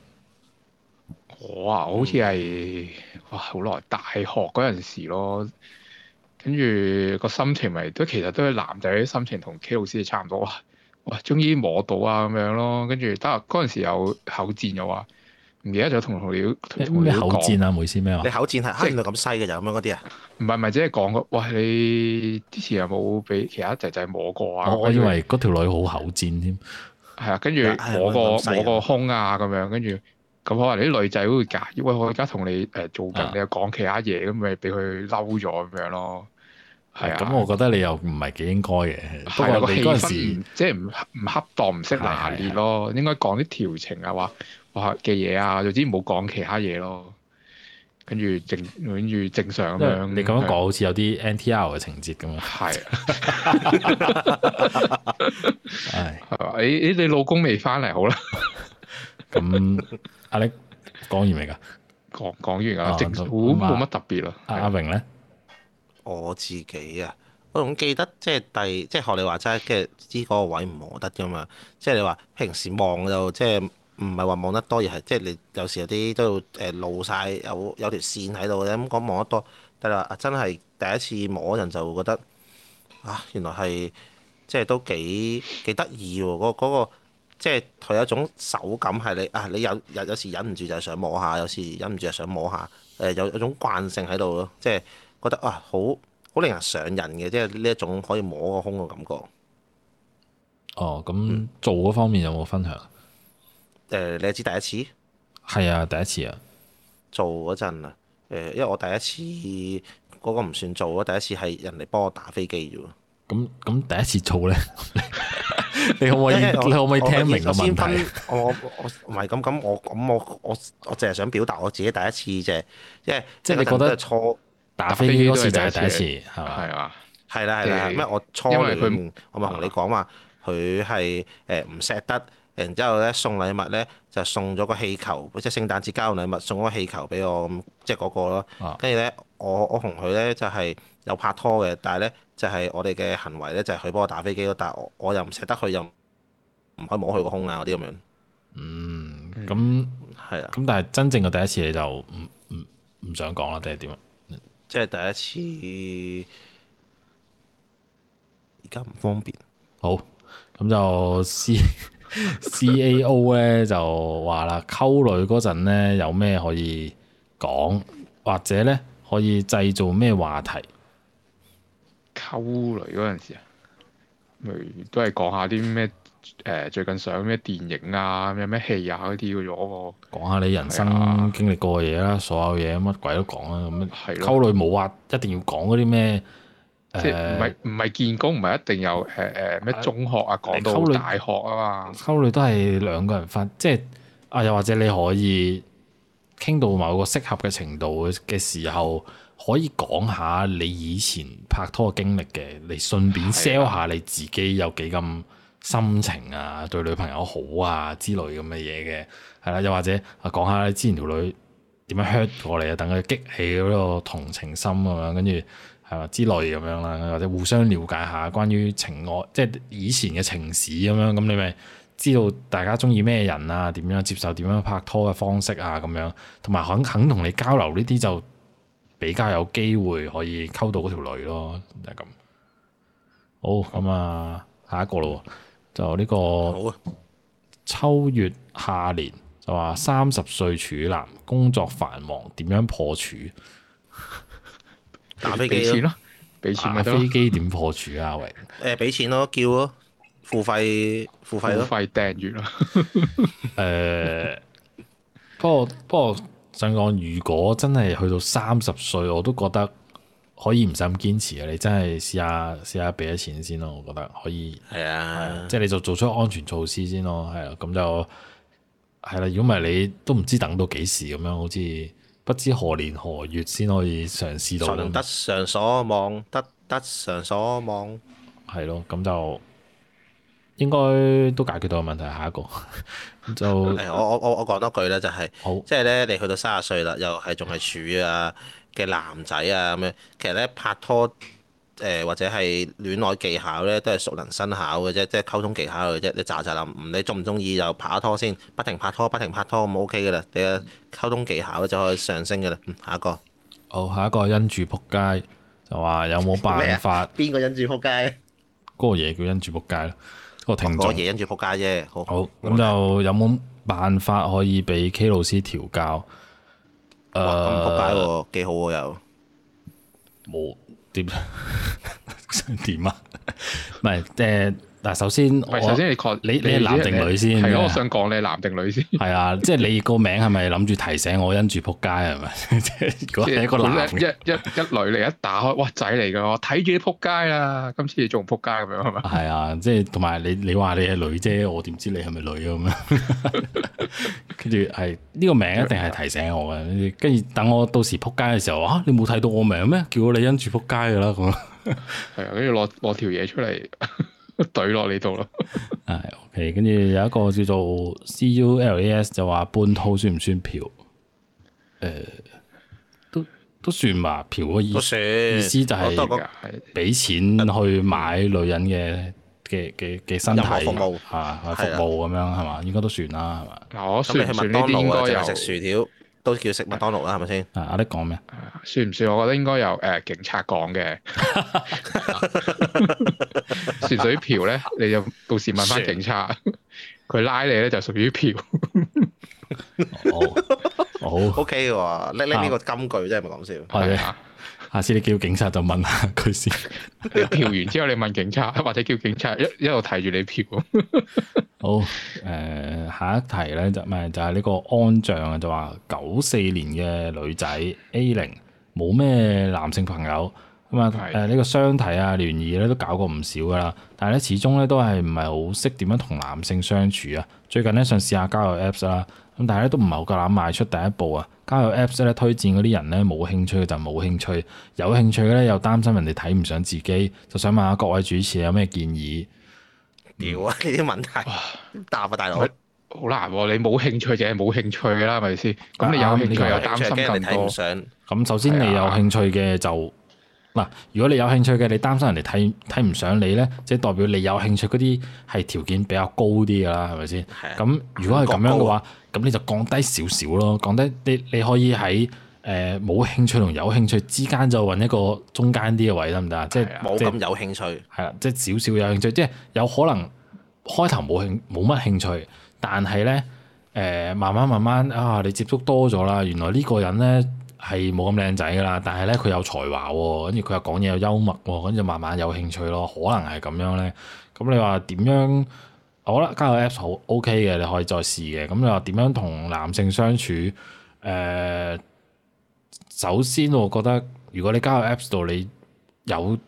我啊，好似係哇，好耐，大學嗰陣時咯，跟住個心情咪都其實都係男仔心情同 K 老師差唔多啊，哇，終於摸到啊咁樣咯，跟住得嗰陣時有口戰又話，唔記得咗同同你口戰啊，唔好意思咩你口戰係黑到咁西嘅就咁樣嗰啲啊？唔係唔係，即係講個喂，你之前有冇俾其他仔仔摸過啊？我以為嗰條女好口戰添，係啊，跟住摸個摸個胸啊咁樣，跟住。咁可能啲女仔會介，因為我而家同你誒做緊，你又講其他嘢，咁咪俾佢嬲咗咁樣咯。係啊，咁我覺得你又唔係幾應該嘅，係個氣氛，即係唔唔恰當，唔識拿捏咯。應該講啲調情啊、話話嘅嘢啊，總之唔好講其他嘢咯。跟住正，跟住正常咁樣。你咁樣講好似有啲 NTR 嘅情節咁啊？係。係。係嘛？誒誒，你老公未翻嚟好啦。咁。阿你講完未噶？講講完啊，啦是，好冇乜特別啊，的啊。阿阿榮咧，我自己啊，我仲記得即係第即係學你話齋，即係知嗰個位唔摸得噶嘛。即係你話平時望就即係唔係話望得多，而係即係你有時有啲都誒露晒有有條線喺度嘅。咁咁望得多，但係真係第一次摸嗰陣就會覺得啊，原來係即係都幾幾得意喎！嗰個。嗰個即係佢有種手感係你啊，你有有有時忍唔住就係想摸下，有時忍唔住就想摸下。誒、呃、有有種慣性喺度咯，即係覺得啊，好好令人上癮嘅，即係呢一種可以摸個胸嘅感覺。哦，咁做嗰方面有冇分享？誒、嗯呃，你係指第一次？係啊，第一次啊，做嗰陣啊，誒、呃，因為我第一次嗰、個唔算做咯，第一次係人哋幫我打飛機啫喎。咁咁第一次做咧，你可唔可以你可唔可以聽明個問題？我我唔係咁咁我咁我我我淨係想表達我自己第一次啫。即係即係你覺得初打飛機嗰時就係第一次係嘛？係啊，係啦係啦，咩我初因為佢，我咪同你講話佢係誒唔錫得，然之後咧送禮物咧就送咗個氣球，即係聖誕節交換禮物送個氣球俾我，咁即係嗰個咯。跟住咧，我我同佢咧就係。有拍拖嘅，但係呢就係、是、我哋嘅行為呢就係、是、佢幫我打飛機咯。但係我，我又唔捨得佢，又唔可以摸佢個胸啊，嗰啲咁樣。嗯，咁係啊。咁那的但係真正嘅第一次你就唔唔唔想講啦，定係點啊？即係第一次，而家唔方便。好，咁就 C C A O 呢 就話啦，溝女嗰陣呢有咩可以講，或者呢可以製造咩話題？溝女嗰陣時啊，咪都係講下啲咩，誒最近上咩電影啊，有咩戲啊嗰啲嘅啫喎。講下你人生經歷過嘅嘢啦，啊、所有嘢乜鬼都講啦咁。係溝女冇話一定要講嗰啲咩，即係唔係唔係見講唔係一定有誒誒咩中學啊講到大學啊嘛。溝女都係兩個人分，即係啊又或者你可以傾到某個適合嘅程度嘅時候。可以講下你以前拍拖嘅經歷嘅，你順便 sell 下你自己有幾咁心情啊，對女朋友好啊之類咁嘅嘢嘅，係啦，又或者講下你之前條女點樣 hurt 過你啊，等佢激起嗰個同情心咁樣，跟住係嘛之類咁樣啦，或者互相了解下關於情愛，即係以前嘅情史咁樣，咁你咪知道大家中意咩人啊，點樣接受點樣拍拖嘅方式啊，咁樣同埋肯肯同你交流呢啲就，比較有機會可以溝到嗰條女咯，就係、是、咁。好咁啊、嗯，下一個咯，就呢、這個的秋月下年就話三十歲處男，工作繁忙，點樣破處？打飛幾錢咯？俾錢咪飛機點破處啊？喂 呃，誒俾錢咯，叫咯，付費付費咯，付費，付費訂閱咯。誒 、欸，不過不過。想講，如果真係去到三十歲，我都覺得可以唔使咁堅持嘅。你真係試下試下俾咗錢先咯，我覺得可以。係啊，嗯、啊即係你就做出安全措施先咯。係啊，咁就係啦。如果唔係你都唔知等到幾時咁樣，好似不知何年何月先可以嘗試到。才能得償所望，得得償所望。係咯、啊，咁就。應該都解決到個問題。下一個 就 我我我我講多句咧、就是，就係好，即係咧你去到三十歲啦，又係仲係處啊嘅男仔啊咁樣。其實咧拍拖誒、呃、或者係戀愛技巧咧，都係熟能生巧嘅啫，即、就、係、是、溝通技巧嘅啫。你渣渣林，你中唔中意就拍下拖先，不停拍拖，不停拍拖咁 OK 噶啦。你嘅溝通技巧就可以上升噶啦、嗯。下一個，好、哦，下一個因住仆街就話有冇辦法？邊個因住仆街？嗰、 啊啊、個嘢叫因住仆街。停我停咗嘢，跟住撲街啫。好，咁好好就有冇辦法可以畀 K 老師調教？誒，撲街喎，呃、幾好喎又。冇點？想點啊？唔係即係。 但首先，唔係首先你確你你係男定女先？係啊，我想講你係男定女先。係啊，即係你個名係咪諗住提醒我因住撲街係咪？即係一個男一一一女嚟，一打開哇仔嚟㗎，我睇住你撲街啦，今次仲唔撲街咁樣係咪？係啊，即係同埋你你話你係女啫，我點知你係咪女咁樣？跟住係呢個名一定係提醒我嘅，跟住等我到時撲街嘅時候啊，你冇睇到我名咩？叫我你因住撲街㗎啦，咁啊，係啊，跟住攞攞條嘢出嚟。懟落你度咯，係 OK。跟住有一個叫做 CULES 就話半套算唔算嫖？誒、呃，都都算嘛？嫖嘅意思意思就係俾錢去買女人嘅嘅嘅嘅身體吓、啊，服務咁樣係嘛的？應該都算啦，係嘛？我算算呢啲應該有食薯條。都叫食麥當勞啦，係咪先？吧啊！你講咩？算唔算？我覺得應該有誒、呃、警察講嘅。 係屬於嫖咧，你就到時問翻警察。佢拉算你咧就屬於嫖。好、 oh, oh, okay 啊。O K 喎，拎拎呢個金句真係冇講笑。係啊。下次你叫警察就問下佢先，你 票完之後你問警察， 或者叫警察一一路睇住你票。 好，誒、呃，下一題咧就咪、嗯、就係、是、呢個安醬啊，就話九四年嘅女仔 A 零，冇咩男性朋友咁啊，誒呢的、呃這個雙體啊聯誼咧都搞過唔少噶啦，但係咧始終咧都係唔係好識點樣同男性相處啊。最近咧想試下交友 Apps 啦，咁但係咧都唔係好夠膽邁出第一步啊！加入 Apps 咧，推薦嗰啲人咧，冇興趣嘅就冇興趣，有興趣嘅咧又擔心人哋睇唔上自己，就想問下各位主持有咩建議？屌啊、嗯！呢啲問題，唉答啊大佬，好難喎、哦！你冇興趣就係冇興趣啦，係咪先？咁、嗯、你有興趣又擔心咁多？咁首先你有興趣嘅就。嗱，如果你有興趣嘅，你擔心人哋睇睇唔上你咧，即係代表你有興趣嗰啲係條件比較高啲㗎啦，係咪先？咁的如果係咁樣嘅話，咁國你就降低少少咯，降低你你可以喺誒冇興趣同有興趣之間就搵一個中間啲嘅位得唔得啊？行行的即係冇咁有興趣，係啦，即係少少有興趣，即係有可能開頭冇興冇乜興趣，但係咧誒慢慢慢慢啊，你接觸多咗啦，原來呢個人咧。係冇咁靚仔㗎喇，但係咧佢有才華喎、哦，跟住佢又講嘢又幽默喎、哦，跟住慢慢有興趣咯，可能係咁樣咧。咁、嗯、你話點樣？我覺得交友 Apps 好 OK 嘅，你可以再試嘅。咁、嗯、你話點樣同男性相處？誒、呃，首先我覺得如果你交友 Apps 度你有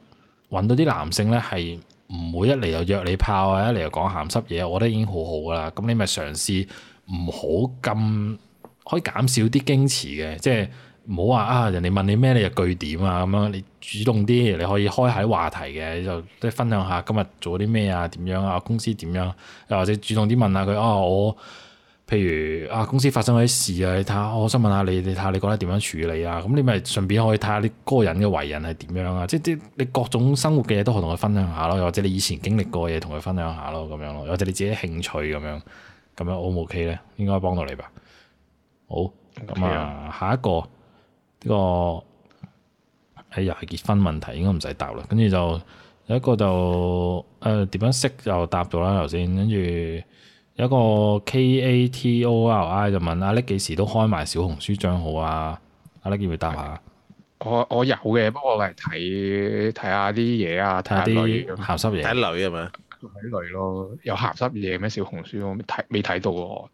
搵到啲男性咧，係唔會一嚟就約你炮啊，一嚟就講鹹濕嘢，我覺得已經好好㗎喇。咁、嗯、你咪嘗試唔好咁可以減少啲矜持嘅，即係。唔好話啊！人哋問你咩你就句點啊咁樣，你主動啲，你可以開下啲話題嘅，你就即係分享下今日做啲咩啊，點樣啊，公司點樣，又或者主動啲問下佢啊，我譬如啊公司發生嗰啲事啊，你睇下，我想問下你，你睇下你覺得點樣處理啊？咁你咪順便可以睇下你嗰個人嘅為人係點樣啊？即係你各種生活嘅嘢都可同佢分享下咯，又或者你以前經歷過嘅嘢同佢分享下咯，咁樣咯，或者你自己興趣咁樣，咁樣 O 唔 OK 咧？應該幫到你吧？好，咁啊，Okay. 下一個。呢、這個係、哎、又係結婚問題，應該唔使答啦。跟住就有一個就誒、呃、點樣識就答咗啦頭先。跟住有一個 KATOLI 就問阿叻幾時都開埋小紅書帳號啊？阿叻要唔要答下？我我有嘅，不過我係睇睇下啲嘢啊，睇下啲鹹濕嘢，睇、啊、女係咪、啊？睇類咯，有鹹濕嘢咩？小紅書我睇未睇到喎，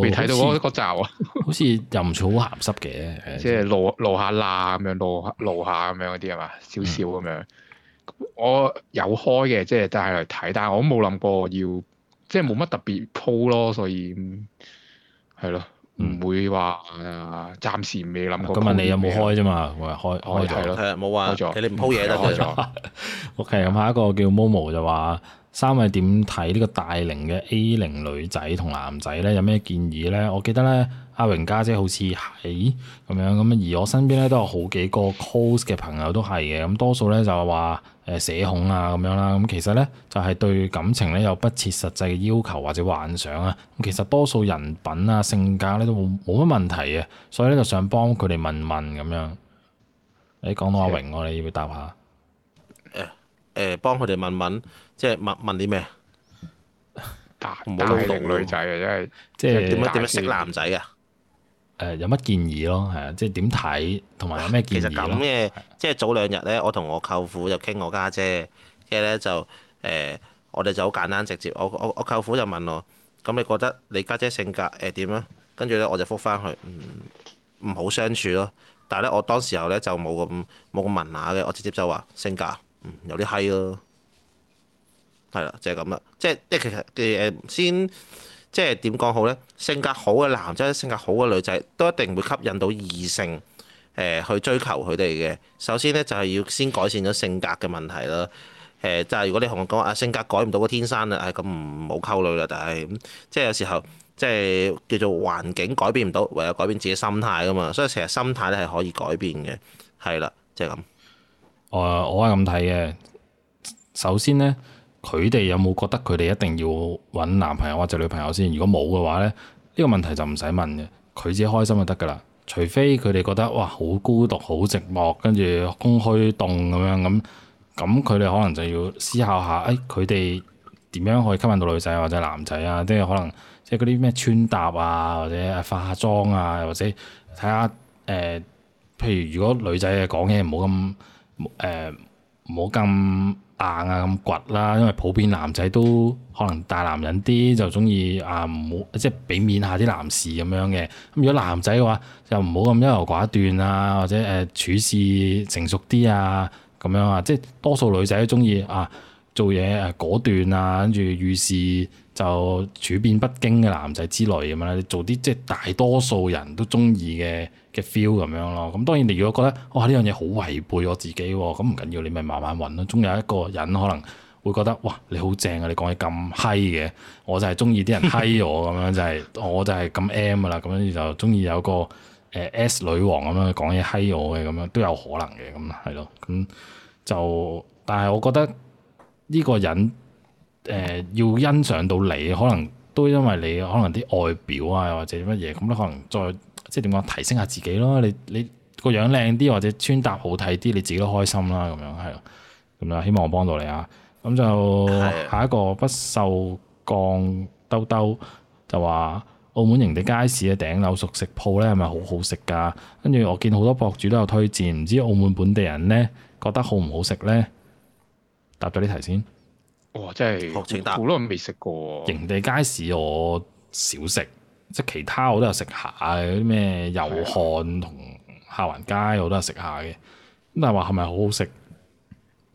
未 睇、 哦、到嗰像個罩啊， 好似又唔似好鹹濕嘅，即係露落下辣咁樣，露落下咁樣嗰啲係嘛，少少咁樣。我有開嘅，即係帶嚟睇，但係我冇諗過要，即係冇乜特別鋪咯，所以係咯。嗯唔會話，暫時未諗過。咁啊、嗯，問你有冇開啫嘛？話開開咗，係冇話。你唔鋪嘢得嘅咗。了 OK，咁下一個叫 Momo 就話：三位點睇呢個大齡嘅 A0 女仔同男仔咧，有咩建議咧？我記得咧，阿榮家姐，姐好似喺咁樣，咁而我身邊咧都有好幾個 close 嘅朋友都係嘅，咁多數咧就話。誒社恐啊咁樣啦，咁其實咧就係對感情咧有不切實際嘅要求或者幻想啊，咁其實多數人品啊性格咧都冇冇乜問題嘅，所以咧就想幫佢哋問問咁樣。你、欸、講到阿榮我哋要唔要回答下？誒誒、呃呃，幫佢哋問問，即係問問啲咩？唔好老女仔啊，真係即係點樣點樣識男仔啊？誒、呃、有乜建議咯，係啊，即係點睇同埋有咩建議咯？其實咁嘅，即係早兩日咧，我同我舅父就傾我家姐，跟住咧就誒、呃，我哋就好簡單直接。我我我舅父就問我：咁你覺得你家姐，姐性格誒點啊？跟住咧我就覆翻佢，唔、嗯、唔好相處咯。但係咧，我當時候咧就冇咁冇咁問下嘅，我直接就話性格嗯有啲閪咯，係啦，就係咁啦。即係即係其實嘅、呃、先。即係點講好呢？性格好嘅男仔，性格好嘅女仔，都一定會吸引到異性、呃、去追求佢哋嘅。首先呢，就係、是、要先改善咗性格嘅問題咯。呃、即就係如果你同我講啊，性格改唔到個天生啊，咁唔好溝女啦，但係咁即係有時候即係叫做環境改變唔到，唯有改變自己心態噶嘛。所以成日心態咧係可以改變嘅，係啦，即係咁。我係咁睇嘅，首先呢。佢哋有冇覺得佢哋一定要揾男朋友或者女朋友先？如果冇嘅話呢，呢個問題就唔使問嘅。佢自己開心就得㗎啦。除非佢哋覺得哇好孤獨、好寂寞，跟住空虛、凍咁樣咁，咁佢哋可能就要思考下，誒佢哋點樣可以吸引到女仔或者男仔啊？即係可能即係嗰啲咩穿搭啊，或者化妝啊，或者睇下誒，譬如如果女仔嘅講嘢冇咁冇誒冇咁。呃硬啊咁倔啦，因為普遍男仔都可能大男人啲，就中意啊，唔好即係俾面下啲男士咁樣嘅。咁如果男仔嘅話，就唔好咁優柔寡斷啊，或者誒、啊、處事成熟啲啊咁樣啊。樣即係多數女仔都中意啊，做嘢誒果斷啊，跟住遇事就處變不驚嘅男仔之類咁啦。你做啲即係大多數人都中意嘅。feel 咁樣咯，咁當然你如果你覺得哇，呢樣嘢好違背我自己，咁唔緊要，你咪慢慢揾咯。仲有一個人可能會覺得哇，你好正啊，你講嘢咁 high 嘅，我就係中意啲人 high 我咁樣， 就係我就係咁 M 噶啦，咁樣就中意有個 S 女王咁樣講嘢 high 我嘅，咁樣都有可能嘅，咁係咯，咁就但係我覺得呢個人誒、呃、要欣賞到你，可能都因為你可能啲外表啊或者乜嘢，咁咧可能再。即係點講？提升下自己咯，你你個樣靚啲，或者穿搭好睇啲，你自己都開心啦。咁樣係，咁樣希望我幫到你啊。咁就下一個不鏽鋼兜兜就話，澳門營地街市嘅頂樓熟食鋪咧係咪好好食噶？跟住我見好多博主都有推薦，唔知澳門本地人咧覺得好唔好食咧？答咗呢題先。哇、哦！真係好耐未食過營地街市，我少食。即係其他我都有食下嘅，啲咩油漢同下環街，我都有食下嘅。咁但係話係咪好好食？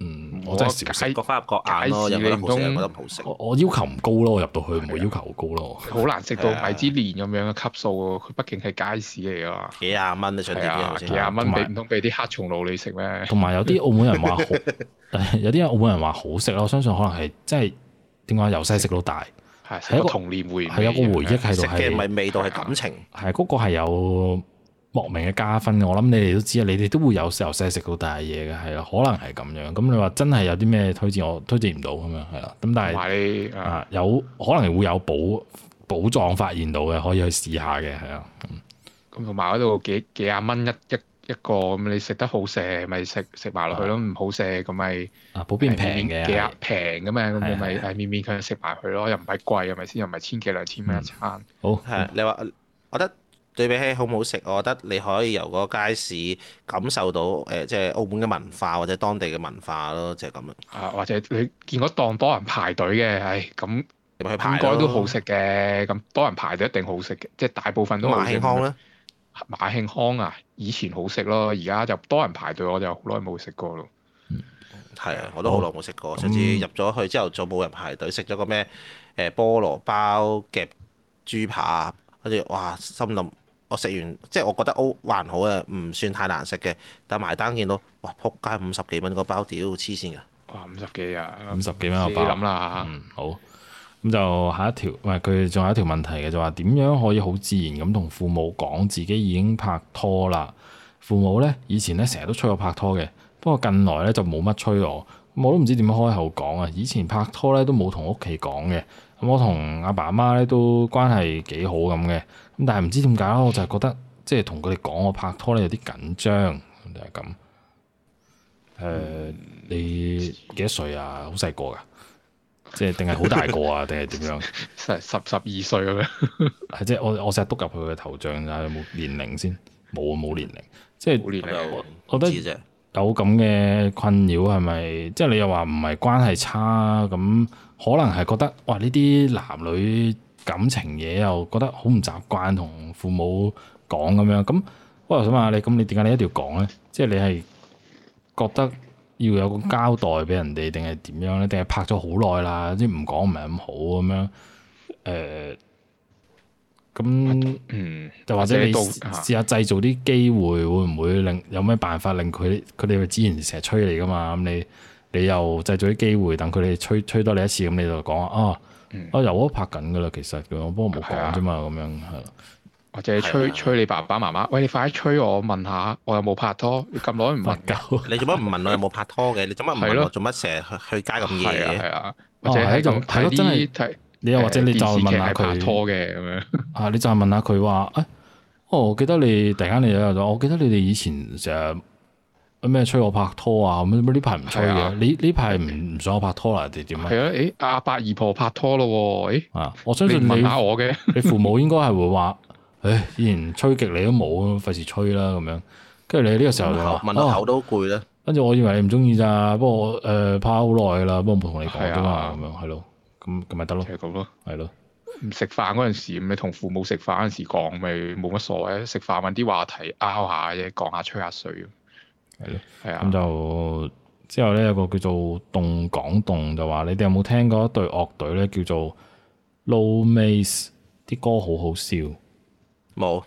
嗯，我真係少食。個花入個眼咯，覺得唔好食。我要求唔高咯，我入到去唔會要求好高咯。好難食到米芝蓮咁樣嘅級數喎，佢畢竟係街市嚟啊嘛。幾廿蚊都出得幾廿蚊，唔通俾啲黑松露你食咩？同埋有啲澳門人話好，有啲澳門人話好食咯。我相信可能係即係點講，由細食到大。係一個童年回，係一個回憶喺度，食嘅唔係味道係感情，係嗰個係有莫名嘅加分嘅。我諗你哋都知啊，你哋都會有時候由細食到大嘢嘅，係咯，可能係咁樣。咁你話真係有啲咩推薦，我推薦唔到咁樣係啦。咁但係啊，有可能會有寶寶藏發現到嘅，可以去試下嘅，係啊。咁同埋嗰度幾幾廿蚊一一。一個咁你食得好食咪食食埋落去咯，唔好食咁咪普遍平嘅幾平嘅咩，咁咪係勉勉強食埋佢咯，又唔係貴係咪先？又唔係千幾兩千蚊一餐。好係你話，我覺得對比起好唔好食，我覺得你可以由個街市感受到誒，即係澳門嘅文化或者當地嘅文化咯，即係咁啦。啊，或者你見嗰檔多人排隊嘅，唉咁，唔係佢排應該都好食嘅，咁多人排隊一定好食嘅，即係大部分都係康咧。馬慶康啊，以前好食咯，而家就多人排隊，我就好耐冇食過咯。係、嗯、啊，我都好耐冇食過，嗯、上次入咗去之後就冇人排隊，食咗、嗯、個咩？誒，菠蘿包夾豬扒，跟住，哇，心諗我食完即係我覺得好還好啊，唔算太難食嘅，但埋單見到哇，仆街五十幾蚊個包，屌黐線噶！哇，五十幾啊！五十幾蚊個包，你諗啦吓，嗯，好。咁就下一條，唔係佢仲有一條問題嘅，就話點樣可以好自然咁同父母講自己已經拍拖啦？父母咧以前咧成日都催我拍拖嘅，不過近來咧就冇乜催我，我都唔知點樣開口講啊！以前拍拖咧都冇同屋企講嘅，咁我同阿爸阿媽咧都關係幾好咁嘅，咁但係唔知點解咧，我就係覺得即係同佢哋講我拍拖咧有啲緊張，就係、是、咁。誒、呃，你幾多歲啊？好細個㗎。即係定係好大個啊？定係點樣？十十十二歲咁樣。係即係我我成日督入去佢嘅頭像，看看有冇年齡先？冇啊，冇年齡。即係冇年齡啊！我覺得有咁嘅困擾係咪？即係你又話唔係關係差咁，可能係覺得哇呢啲男女感情嘢又覺得好唔習慣同父母講咁樣。咁喂，我想問下你，咁你點解你一定要講咧？即係你係覺得。要有個交代俾人哋，定係點樣咧？定係拍咗好耐啦，即唔講唔係咁好咁樣。誒，咁嗯，就或者你試下製造啲機會，會唔會令有咩辦法令佢佢哋之前成日催你噶嘛？咁你你又製造啲機會，等佢哋催催多你一次，咁你就講啊，啊，我又喺拍緊噶啦，其實我幫我冇講啫嘛，咁樣係。或者你催的催你爸爸媽媽，喂你快啲催我問下，我有冇拍拖？你咁耐唔問嘅？辣 你做乜唔問我有冇拍拖嘅？你做乜唔係咯？做乜成日去街咁夜夜？係啊，或者喺咁係咯，啊、真係睇你又或者你就問下佢。拍拖嘅咁樣啊？ 你就問下佢話、哎、哦，我記得你突然間你咗，我記得你哋以前成日咩催我拍拖啊？咁呢排唔催嘅，呢呢排唔唔想我拍拖啦？定點、哎、啊？係啊，誒阿伯、二婆拍拖咯？誒、哎啊、我相信問下我嘅，你父母應該係會話。唉，以前吹極你都冇，費事吹啦咁樣。跟住你呢個時候就問口、oh，都攰啦。跟住我以為你唔中意咋，不過誒、呃、怕好耐啦，都冇同你講啫嘛。咁樣係咯，咁咁咪得咯，係咁咯，係咯。唔食飯嗰陣時，咪同父母食飯嗰陣時講，咪冇乜所謂。食飯問啲話題，拗下嘅啫，講下吹下水咯。咯、哎呃，係啊。咁就之後咧有個叫做《動講動》，就話你哋有冇聽過一隊樂隊咧叫做《Low Mates》啲歌，好好笑。冇，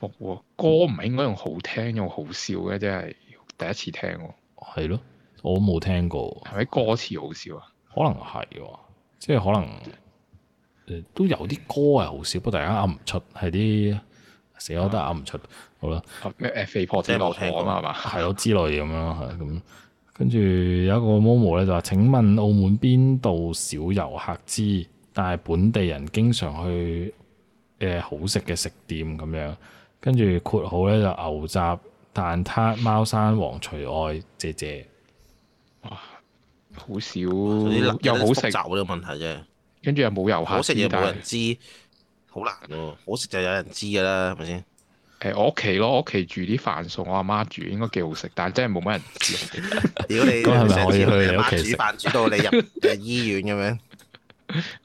冇歌唔係應該用好聽用好笑嘅，即係第一次聽。係咯，我冇聽過。係咪歌詞好笑啊？可能係，即係可能，呃、都有啲歌係好笑，不過大家噏唔出，係啲死我都噏唔出。啊、好啦吧，咩肥婆姐我聽啊嘛，係咯之類咁樣係咁。跟住有一個 m o m e n t 咧就話，請問澳門邊度少遊客知，但係本地人經常去。誒，好食嘅食店咁樣，跟住括號咧就牛雜蛋撻貓山王除外，謝謝。哇，好少，又好有複雜嗰啲問題啫。跟住又冇遊客好，好食嘢冇人知，好難咯。好食就有人知噶啦，係咪先？誒、呃，我屋企咯，屋企煮啲飯餸，我阿媽煮，媽煮應該幾好食，但係真係冇乜人知。 如果你成日 去你屋企煮飯，煮到你入入醫院咁樣。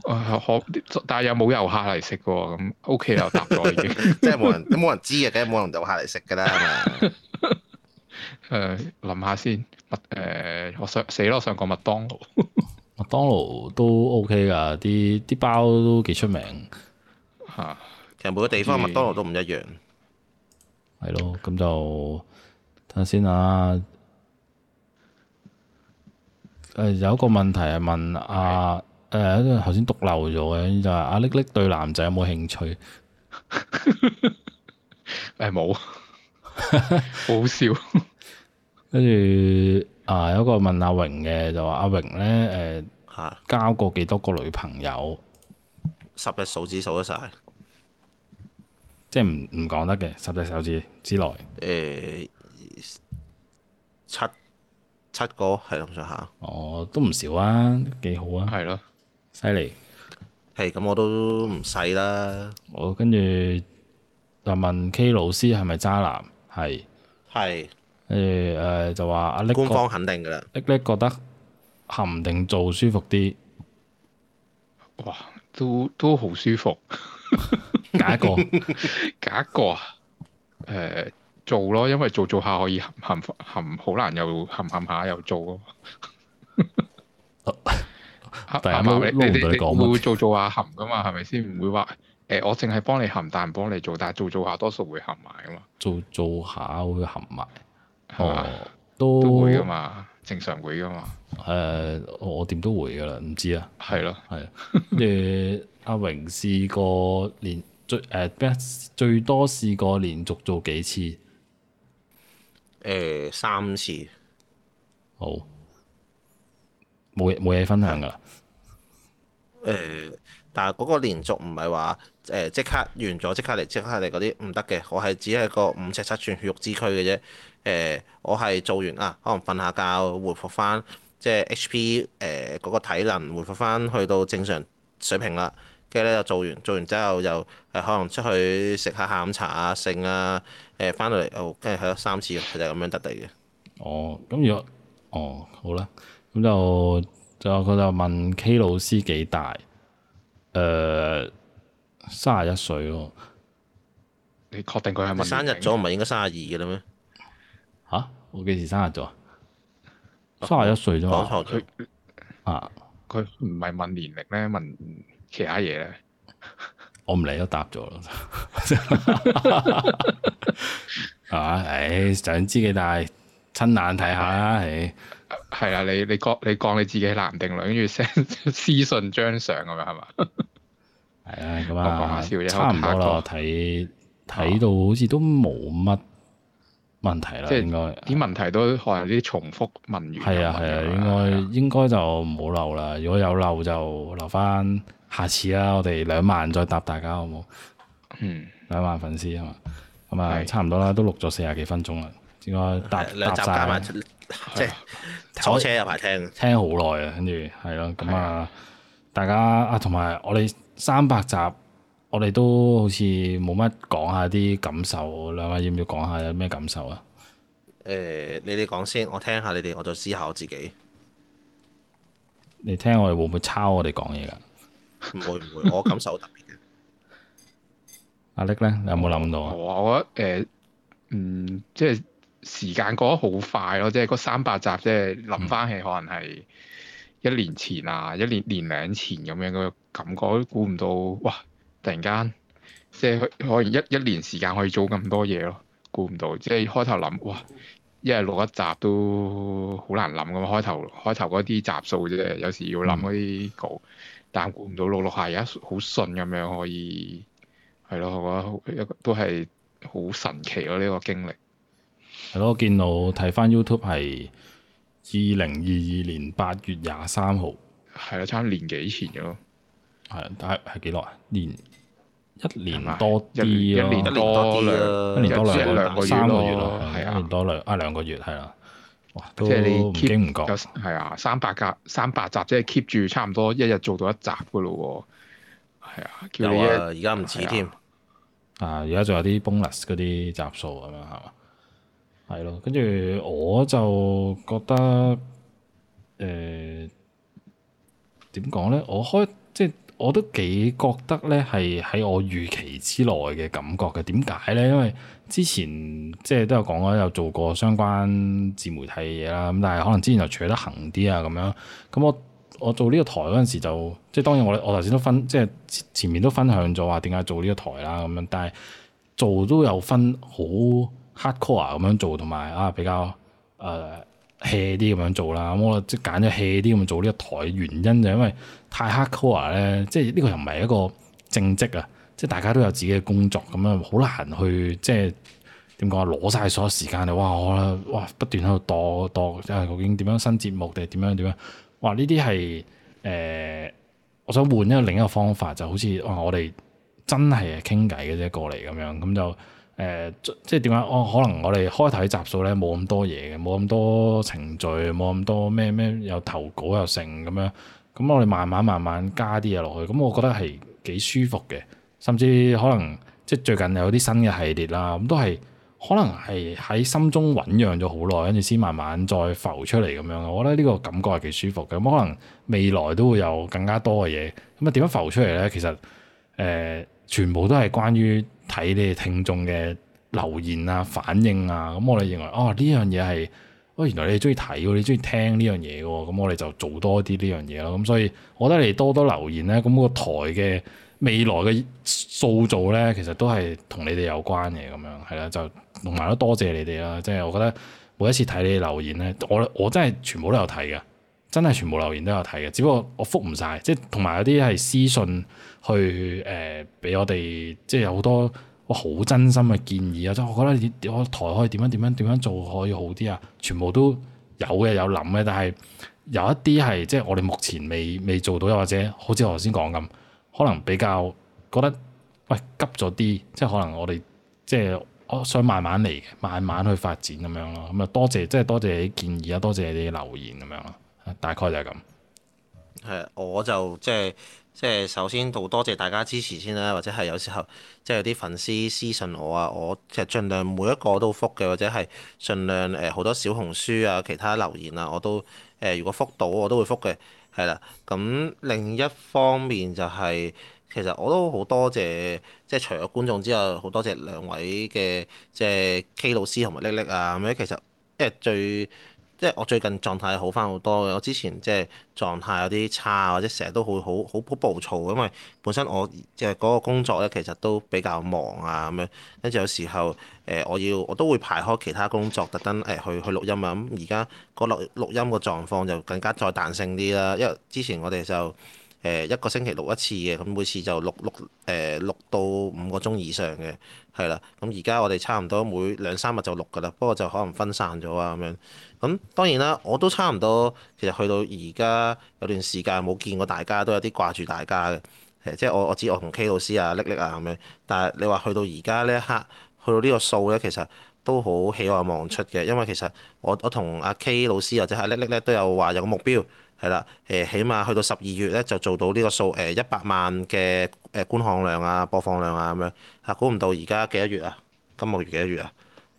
我可，但係又冇遊客嚟食喎。咁，O K 又答咗已經，即係冇人，都冇人知嘅，梗係冇人遊客嚟食噶啦。係嘛，誒，諗下先，麥誒，我想死咯，我想講麥當勞，麥當勞都 O K 噶，啲啲包都幾出名。吓，其實每個地方麥當勞都唔一樣。係咯，咁就等下先啊。誒，有一個問題係問阿。誒，頭先讀漏咗嘅就係阿力力對男仔有冇興趣？誒、 欸，冇， 好笑。跟住啊，有一個問阿榮嘅就話阿榮咧，誒，吓，交過幾多個女朋友？十隻手指數得晒，即係唔唔講得嘅，十隻手指之內。誒、呃，七七個係咁上下。哦，都唔少啊，幾好啊，係咯。犀利係咁，我都唔使啦。我跟住就問 K 老師係咪渣男？係係誒誒，就話阿叻官方肯定噶啦。叻叻覺得含定做舒服啲，哇！都都好舒服。夾一個夾一個誒，做咯，因為做做下可以含含含好難，又含含下又做啊。啊，但係你你你你，你會做做下含噶嘛？係咪先唔會話誒、呃？我淨係幫你含，但唔幫你做。但係做做下多數會含埋噶嘛？做做下會含埋，係、啊哦、都都會噶嘛？正常會噶嘛？誒、呃，我點都會噶啦，唔知啊。係咯，係。誒，阿榮試過連最誒咩、呃、最多試過連續做幾次？誒、呃，三次。好。冇嘢冇嘢分享噶啦。誒、呃，但係嗰個連續唔係話誒即刻完咗，即刻嚟，即刻嚟嗰啲唔得嘅。我係只係個五尺七寸血肉之軀嘅啫。誒、呃，我係做完啊，可能瞓下覺，回復返即係 H.P. 誒、呃、嗰、那個體能，回復返去到正常水平啦。跟住咧就做完，做完之後又誒可能出去食下下午茶啊、剩啊誒翻、呃、到嚟又跟住係得三次，佢就咁、是、樣得地嘅。哦，咁如果……哦好啦，咁就。就佢就問 K 老師幾大？誒、呃，三十一歲咯。你確定佢係咪生日咗？唔係應該三十二嘅啦咩？吓，我幾時生日咗啊？三十一歲啫啊？冇錯咗。啊，佢唔係問年齡咧，問其他嘢咧。 我唔理都答咗咯。啊，誒，想知幾大，親眼睇下啦，誒、哎。係啦，你你講你講你自己男定女，跟住 send 私信張相咁樣係嘛？係啊，咁啊，講下笑啫。差唔多咯，睇睇到好似都冇乜問題啦，應該啲問題都可能啲重複問語。係啊係啊，應該該、啊、應該就唔好漏啦。如果有漏就留翻下次啦。我哋兩萬再答大家好冇、嗯？嗯，兩萬粉絲啊嘛，咁啊差唔多啦，都錄咗四十幾分鐘啦，應該答答曬。答答答兩集即係停坐車入嚟聽，聽好耐啊，跟住係咯，咁啊，大家啊，同埋我哋三百集，我哋都好似冇乜講下啲感，感受，兩位要唔要講下有咩感受啊？誒，你哋講先，我聽下你哋，我再思考自己。你聽我哋會唔會抄我哋講嘢噶？唔會唔會，我感受特別嘅。 阿力咧，你有冇諗到啊？我我覺得誒，嗯，即係。時間過得好快咯，即係嗰三百集，即係諗翻起，可能係一年前啊，一年年零前咁樣嘅感覺，都估唔到哇！突然間，即係可能一一年時間可以做咁多嘢咯，估唔到。即係開頭諗哇，一日錄一集都好難諗噶嘛，開頭開頭嗰啲集數啫，有時要諗嗰啲稿，嗯、但估唔到錄錄下，而家好順咁樣可以，係咯，我覺得一個都係好神奇咯，呢個經歷。係咯，見到睇翻 YouTube 係二零二二年八月廿三號，係啊，差年幾前嘅咯。係，係係幾耐啊？年一年多啲一年多兩，一年多兩三個月咯，係啊，一年多兩啊兩個月係啦、啊啊。即係你 keep 唔講，係啊，三百集三百集，即係 keep 住差唔多一日做到一集嘅咯。係啊，叫你啊，而家唔止添。啊，而家仲有啲 bonus 嗰啲集數咁樣係嘛？係咯，跟住我就覺得，誒點講咧？我開即係我都幾覺得咧，係喺我預期之內嘅感覺嘅。點解咧？因為之前即係都有講啦，有做過相關自媒體嘅嘢啦。咁但係可能之前就取得行啲啊，咁樣。咁我我做呢個台嗰陣時就即係當然我我頭先都分即係前面都分享咗話點解做呢個台啦咁樣，但係做都有分好。黑 core 咁樣做，同埋啊比較誒 hea 啲咁樣做啦。咁、嗯、我即係揀咗 hea 啲咁做呢一台原因就因為太黑 core 咧，即係呢個又唔係一個正職啊，即係大家都有自己嘅工作咁樣，樣，好難去即係點講啊攞晒所有時間嚟哇我哇不斷喺度度度即係究竟點樣新節目定係點樣點樣？哇呢啲係誒我想換一個另一個方法，就好似哇我哋真係傾偈嘅啫，過嚟咁樣咁就。誒、呃、即係點解？我可能我哋開頭集數咧冇咁多嘢嘅，冇咁多程序，冇咁多咩咩又投稿又剩咁樣。咁我哋慢慢慢慢加啲嘢落去。咁我覺得係幾舒服嘅。甚至可能即係最近有啲新嘅系列啦。咁都係可能係喺心中醖釀咗好耐，跟住先慢慢再浮出嚟咁樣。我覺得呢個感覺係幾舒服嘅。咁可能未來都會有更加多嘅嘢。咁啊點樣浮出嚟咧？其實誒。呃全部都係關於睇你哋聽眾嘅留言啊、反應啊，咁我哋認為哦呢樣嘢係哦原來你哋中意睇你中意聽呢樣嘢喎，咁我哋就做多啲呢樣嘢咯。咁所以我覺得你哋多多留言咧，咁個台嘅未來嘅塑造咧，其實都係同你哋有關嘅咁樣，係啦，就同埋都多謝你哋啦。即係我覺得每一次睇你哋留言咧，我我真係全部都有睇嘅。真係全部留言都有睇嘅，只不過我覆唔晒。即係同埋有啲係私信去誒俾、呃、我哋，即係有好多哇好真心嘅建議啊！即係我覺得我台可以點樣點樣點樣做可以好啲啊！全部都有嘅有諗嘅，但係有一啲係即係我哋目前未未做到，又或者好似我頭先講咁，可能比較覺得喂急咗啲，即係可能我哋即係我想慢慢嚟，慢慢去發展咁樣咯。咁啊，多謝即係多謝你啲建議啊，多謝你啲留言咁樣咯。大概就係咁。係，我就即係即係首先好多謝大家支持先啦，或者係有時候即係有啲粉絲私信我啊，我即係盡量每一個都覆嘅，或者係盡量誒好、呃、多小紅書啊、其他留言啊，我都誒、呃、如果覆到我都會覆嘅，係啦。咁另一方面就係、是、其實我都好多謝，即係除咗觀眾之外，好多謝兩位嘅即係 K 老師同埋叻叻啊咁樣。其實即係、呃、最即係我最近狀態好返好多嘅，我之前即係狀態有啲差，或者成日都會好好好暴躁，因為本身我即係嗰個工作咧，其實都比較忙啊咁樣，跟住有時候誒，我要我都會排開其他工作，特登誒去去錄音啊，咁而家個錄錄音個狀況就更加再彈性啲啦，因為之前我哋就，誒一個星期錄一次嘅，咁每次就錄錄誒錄到五個鐘以上嘅，係啦。咁而家我哋差唔多每兩三日就錄㗎啦，不過就可能分散咗啊咁樣。咁當然啦，我都差唔多，其實去到而家有段時間冇見過大家，都有啲掛住大家嘅。誒，即係我我知我同 K 老師啊、叻叻啊咁樣。但係你話去到而家呢一刻，去到呢個數呢，其實都好喜愛望出嘅，因為其實我我同阿 K 老師或者係叻叻呢都有話有個目標。係啦，誒起碼去到十二月咧就做到呢個數，誒一百萬嘅誒觀看量啊、播放量啊咁樣。嚇估唔到而家幾多月啊？今個月幾多月啊？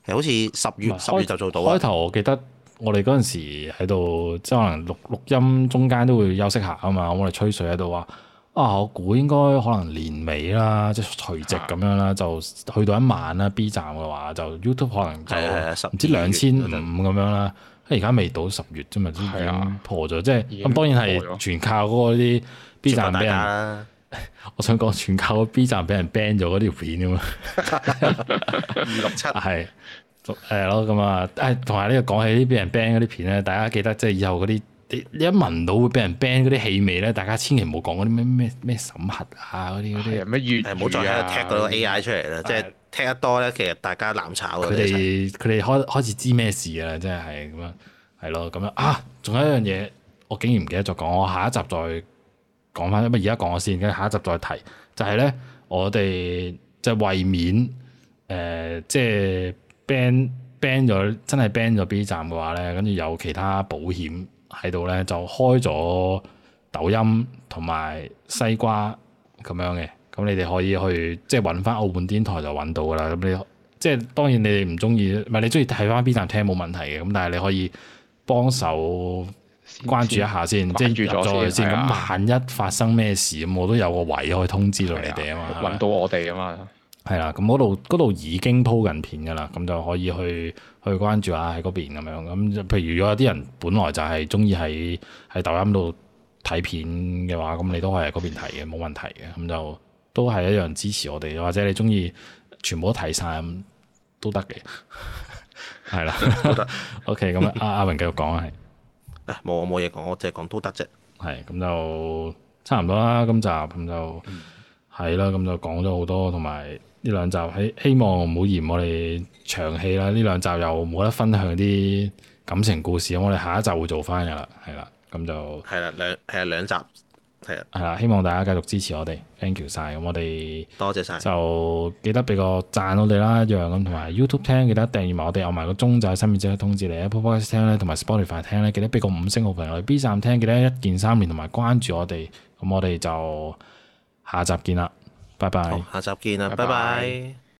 係好似十月，十是月就做到啊！開頭我記得我哋嗰陣時喺度，即係可能錄錄音中間都會休息下啊嘛，我哋吹水喺度話，啊我估應該可能年尾啦，即係除夕咁樣啦，的就去到一萬啦，B 站嘅話就 YouTube 可能就係十唔知兩千五咁樣啦。而家未到十月啫嘛，先點破咗？即係咁當然係全靠嗰啲 B 站俾人。 我想講全靠個 B 站俾人 ban 咗嗰條片啫嘛。 二六七係誒咯咁啊！誒同埋呢個講起啲俾人 ban 嗰啲片咧，大家記得即係以後嗰啲你一聞到會俾人 ban 嗰啲氣味咧，大家千祈唔好講嗰啲咩咩咩審核啊嗰啲咩月。唔好再踢嗰個 AI 出嚟啦！嗯、即係。聽得多咧，其實大家濫炒佢哋，佢哋開開始知咩事、即係、啊！真係咁樣，係咯咁樣啊！仲有一樣嘢，我竟然唔記得咗講，我下一集再講翻，因為而家講咗先，跟住下一集再提。就係、係、咧，我哋即係為免誒，即、呃、係、即係、ban ban 咗，真係 ban 咗 B 站嘅話咧，跟住有其他保險喺度咧，就開咗抖音同埋西瓜咁樣嘅。咁你哋可以去即係揾翻澳門電台就揾到噶啦。咁你即係當然你哋唔中意，唔係你中意睇翻 B 站聽冇問題嘅。咁但係你可以幫手關注一下先，即係預咗佢先。咁萬的一發生咩事，咁我都有個位可以通知到你哋啊嘛。揾的的到我哋啊嘛。係啦，咁嗰度嗰度已經鋪緊片噶啦，咁就可以去去關注下喺嗰邊咁樣。咁譬如如果有啲人本來就係中意喺喺抖音度睇片嘅話，咁你都可以喺嗰邊睇嘅冇問題嘅。咁就。都係一樣支持我哋，或者你中意全部都睇曬都得嘅，係 啦的。O K，咁阿阿榮繼續講啊，係 是。冇我冇嘢講，我淨係講都得啫。係，咁就差唔多啦，今集咁就係啦，咁就講咗好多，同埋呢兩集希希望唔好嫌我哋長氣啦。呢兩集又冇得分享啲感情故事，我哋下一集會做翻噶啦，係啦，咁就係啦，兩係兩集。係啦，希望大家繼續支持我哋，thank you 晒。咁我哋多謝晒，就記得俾個讚我哋啦一樣咁，同埋 YouTube 聽記得訂閱埋我哋，有埋個鐘仔，係新面即刻通知你。Apple Podcast 聽咧，同埋 Spotify 聽咧，記得俾個五星好評。B 站聽記得一鍵三連同埋關注我哋，咁我哋就下集見啦，拜拜。哦，下集見啊，拜拜。拜拜。